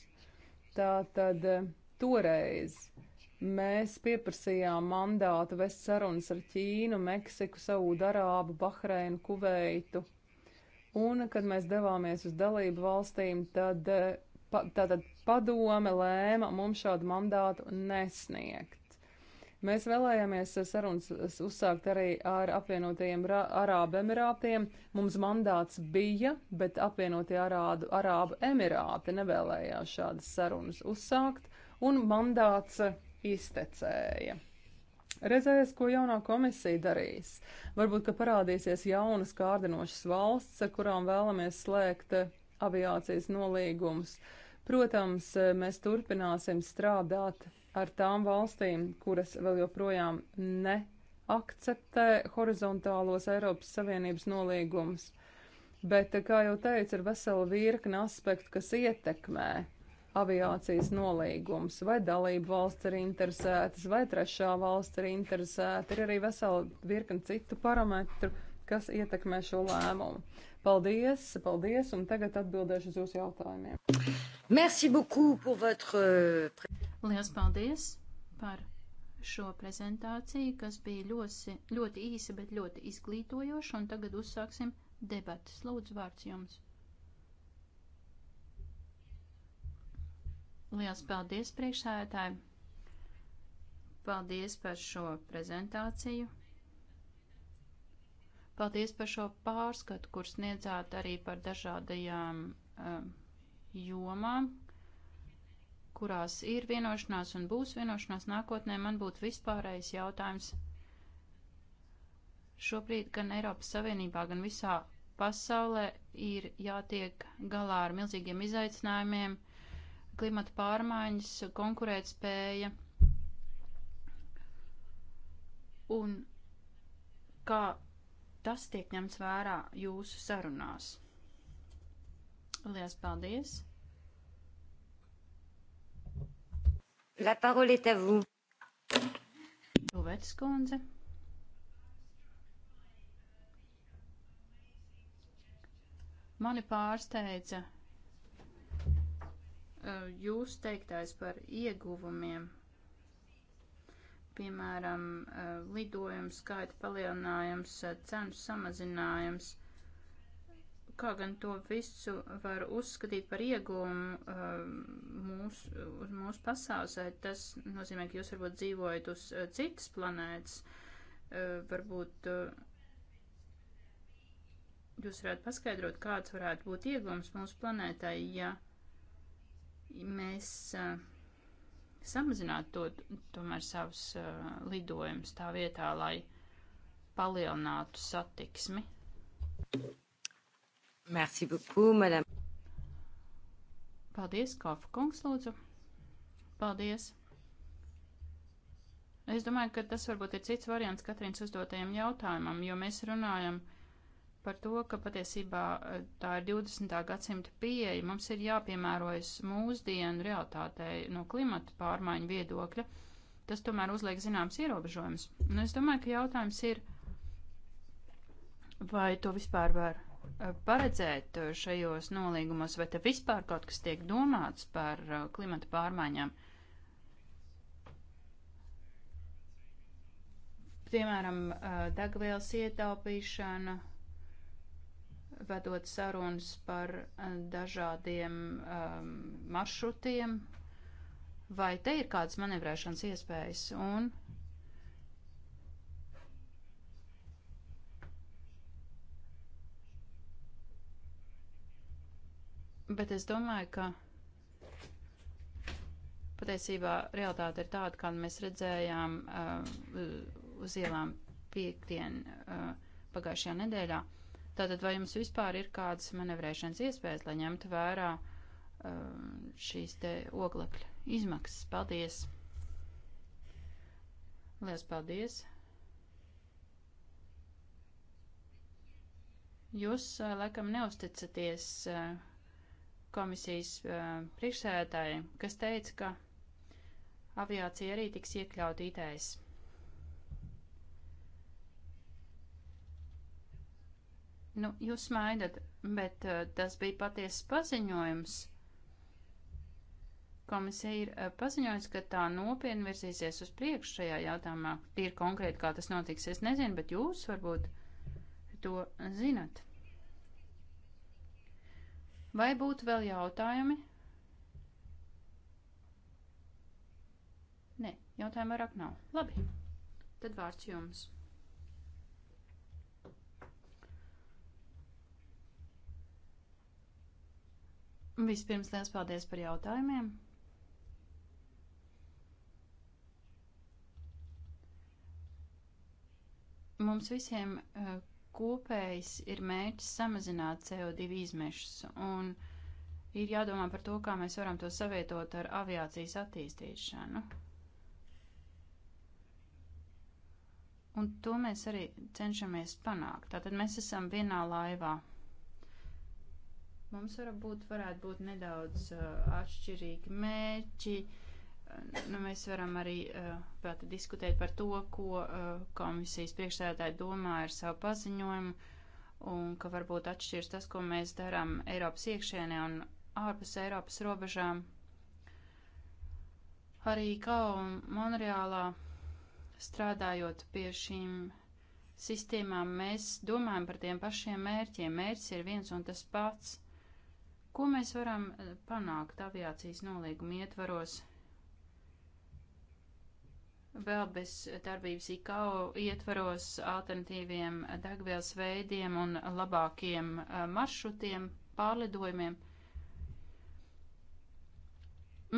Tā tad e, toreiz mēs pieprasījām mandātu vest sarunas ar Ķīnu, Meksiku, Saudarābu, Bahreinu, Kuveitu. Un, kad mēs devāmies uz dalību valstīm, tad e, pa, tātad padome lēma mums šādu mandātu nesniegt. Mēs vēlējāmies sarunas uzsākt arī ar apvienotajiem Arābu Emirātiem. Mums mandāts bija, bet apvienotie Arādu, Arābu Emirāti nevēlējās šādas sarunas uzsākt, un mandāts iztecēja. Redzēs, ko jaunā komisija darīs. Varbūt, ka parādīsies jaunas kārdinošas valsts, ar kurām vēlamies slēgt aviācijas nolīgumus. Protams, mēs turpināsim strādāt ar tām valstīm, kuras vēl joprojām neakceptē horizontālos Eiropas Savienības nolīgumus. Bet, kā jau teicu, ir vesela virkne aspektu, kas ietekmē aviācijas nolīgums, vai dalību valsts ir interesētas, vai trešā valsts ir interesēta. Ir arī vesela virkne citu parametru, kas ietekmē šo lēmumu. Paldies, paldies, un tagad atbildēšu uz jūsu jautājumiem. Merci beaucoup pour votre. Liels paldies par šo prezentāciju, kas bija ļoti, ļoti īsa, bet ļoti izglītojoša, un tagad uzsāksim debatas. Lūdzu, vārds jums. Liels paldies, priekšsēdētāji! Paldies par šo prezentāciju. Paldies par šo pārskatu, kur sniedzāt arī par dažādajām um, jomām, kurās ir vienošanās un būs vienošanās nākotnē, man būtu vispārējais jautājums. Šobrīd gan Eiropas Savienībā, gan visā pasaulē ir jātiek galā ar milzīgiem izaicinājumiem, klimata pārmaiņas, konkurētspēja un kā tas tiek ņemts vērā jūsu sarunās. Lielas paldies! La parole est à vous. Tuvets kundze. Mani pārsteidza e, jūs teiktais par ieguvumiem. Piemēram, e, lidojumu skaita palielinājums, e, cenu samazinājums kā gan to visu var uzskatīt par iegūmu um, mūsu, uz mūsu pasaulē, tas nozīmē, ka jūs varbūt dzīvojat uz uh, citas planētas, uh, varbūt uh, jūs varētu paskaidrot, kāds varētu būt iegūms mūsu planētai, ja mēs samazinātu to, tomēr savus lidojumus tā vietā, lai palielinātu satiksmi. Thank you. Merci beaucoup, madame. Paldies, Kofa kungs, lūdzu. Paldies. Es domāju, ka tas varbūt ir cits variants Katrīnas uzdotajam jautājumam, jo mēs runājam par to, ka patiesībā eh, tā ir 20. gadsimta pieeja. Mums ir jāpiemērojas mūsdienu realitātei no klimata pārmaiņu viedokļa. Tas tomēr uzliek zināms ierobežojums. Un es domāju, ka jautājums ir, vai to vispār var Uh, paredzēt uh, šajos nolīgumos, vai te vispār kaut kas tiek domāts par uh, klimata pārmaiņām? Piemēram, degvielas ietaupīšana, vedot sarunas par dažādiem um, maršrutiem, vai te ir kādas manevrēšanas iespējas? Un Bet es domāju, ka patiesībā realitāte ir tāda, kādu mēs redzējām uh, uz ielām piektdien uh, pagājušajā nedēļā. Tātad vai jums vispār ir kādas manevrēšanas iespējas, lai ņemtu vērā uh, šīs te oglekļa izmaksas? Paldies! Lielas paldies! Jūs uh, laikam neusticaties. Uh, komisijas eh, priekšsēdētāji, kas teica, ka aviācija arī tiks iekļaut ITS. Nu, jūs smaidat, bet uh, tas bija patiesas paziņojums. Komisija ir uh, paziņojusi, ka tā nopietni virzīsies uz priekšu šajā jautājumā. Tīri konkrēti, kā tas notiks, es nezinu, bet jūs varbūt to zinat. Vai būtu vēl jautājumi? Nē, jautājumu vairāk nav. Labi, tad vārds jums. Vispirms liels paldies par jautājumiem. Mums visiem eh, kopējs ir mērķis samazināt CO2 izmešus, un ir jādomā par to, kā mēs varam to savietot ar aviācijas attīstīšanu. Un to mēs arī cenšamies panākt. Tātad mēs esam vienā laivā. Mums varbūt varētu būt nedaudz uh, atšķirīgi mērķi. Uh, nu, mēs varam arī uh, vēl diskutēt par to, ko uh, komisijas priekšsēdētāji domā ar savu paziņojumu un ka varbūt atšķirs tas, ko mēs darām Eiropas iekšēnē un ārpus Eiropas robežām. Arī Kao un Monreālā strādājot pie šīm sistēmām, mēs domājam par tiem pašiem mērķiem. Mērķis ir viens un tas pats. Ko mēs varam eh, panākt aviācijas nolīguma ietvaros? vēl bez darbības IKO ietvaros alternatīviem degvielas veidiem un labākiem eh, maršrutiem, pārlidojumiem.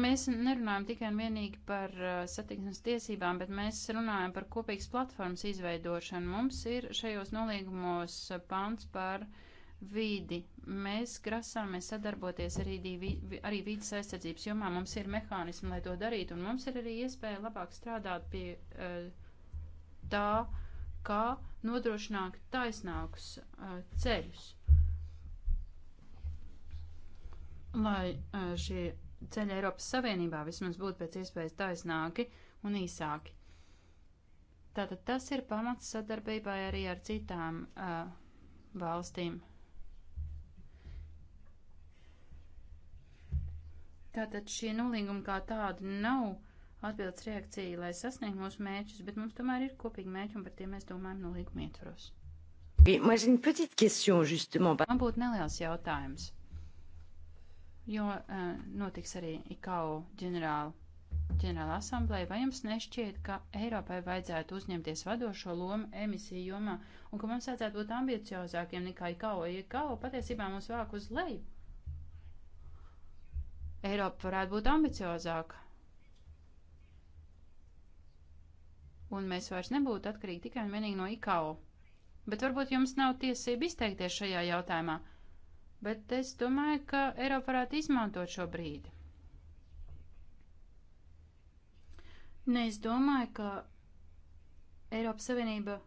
Mēs nerunājam tikai un vienīgi par eh, satiksmes tiesībām, bet mēs runājam par kopīgas platformas izveidošanu. Mums ir šajos nolīgumos pants par vīdi Mēs grasāmies sadarboties arī, divi, arī vīdas aizsardzības jomā. Mums ir mehānismi, lai to darītu, un mums ir arī iespēja labāk strādāt pie uh, tā, kā nodrošināt taisnākus uh, ceļus, lai uh, šie ceļi Eiropas Savienībā vismaz būtu pēc iespējas taisnāki un īsāki. Tātad tas ir pamats sadarbībai arī ar citām uh, valstīm Tātad šie nolīgumi kā tādi nav atbildes reakcija, lai sasniegtu mūsu mērķus, bet mums tomēr ir kopīgi mērķi un par tiem mēs domājam nolīguma ietvaros. Man būtu neliels jautājums, jo uh, notiks arī IKAU ģenerāla, ģenerāla asamblēja. Vai jums nešķiet, ka Eiropai vajadzētu uzņemties vadošo lomu emisiju jomā un ka mums vajadzētu būt ambiciozākiem nekā IKAU? IKAU patiesībā mums vāk uz leju Eiropa varētu būt ambiciozāka. Un mēs vairs nebūtu atkarīgi tikai un vienīgi no IKO. Bet varbūt jums nav tiesība izteikties šajā jautājumā. Bet es domāju, ka Eiropa varētu izmantot šo brīdi. Ne, es domāju, ka Eiropas Savienība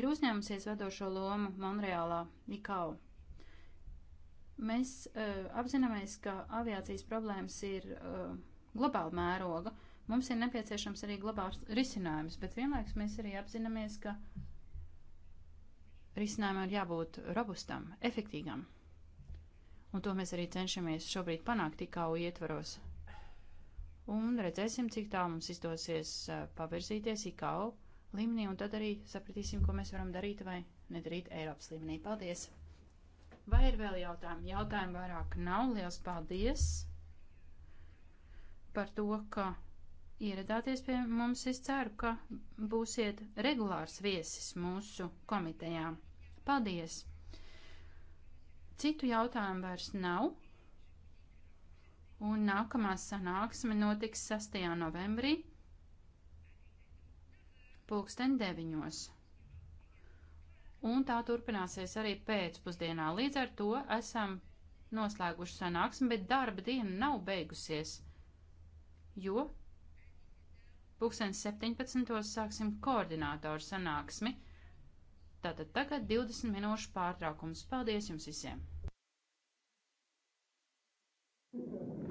ir uzņēmusies vadošo lomu Monreālā, IKO. Mēs uh, apzināmies, ka aviācijas problēmas ir uh, globāla mēroga. Mums ir nepieciešams arī globāls risinājums, bet vienlaikus mēs arī apzināmies, ka risinājumam ir jābūt robustam, efektīgam. Un to mēs arī cenšamies šobrīd panākt tikau ietvaros. Un redzēsim, cik tā mums izdosies uh, pavirzīties ikau līmenī, un tad arī sapratīsim, ko mēs varam darīt vai nedarīt Eiropas līmenī. Paldies! Vai ir vēl jautājumi? Jautājumi vairāk nav. Liels paldies par to, ka ieradāties pie mums. Es ceru, ka būsiet regulārs viesis mūsu komitejā. Paldies! Citu jautājumu vairs nav. Un nākamā sanāksme notiks 6. novembrī, pulksten 9 un tā turpināsies arī pēcpusdienā. Līdz ar to esam noslēguši sanāksmi, bet darba diena nav beigusies, jo pulksten 17. sāksim koordinātoru sanāksmi. Tātad tagad 20 minūšu pārtraukums. Paldies jums visiem! Thank you.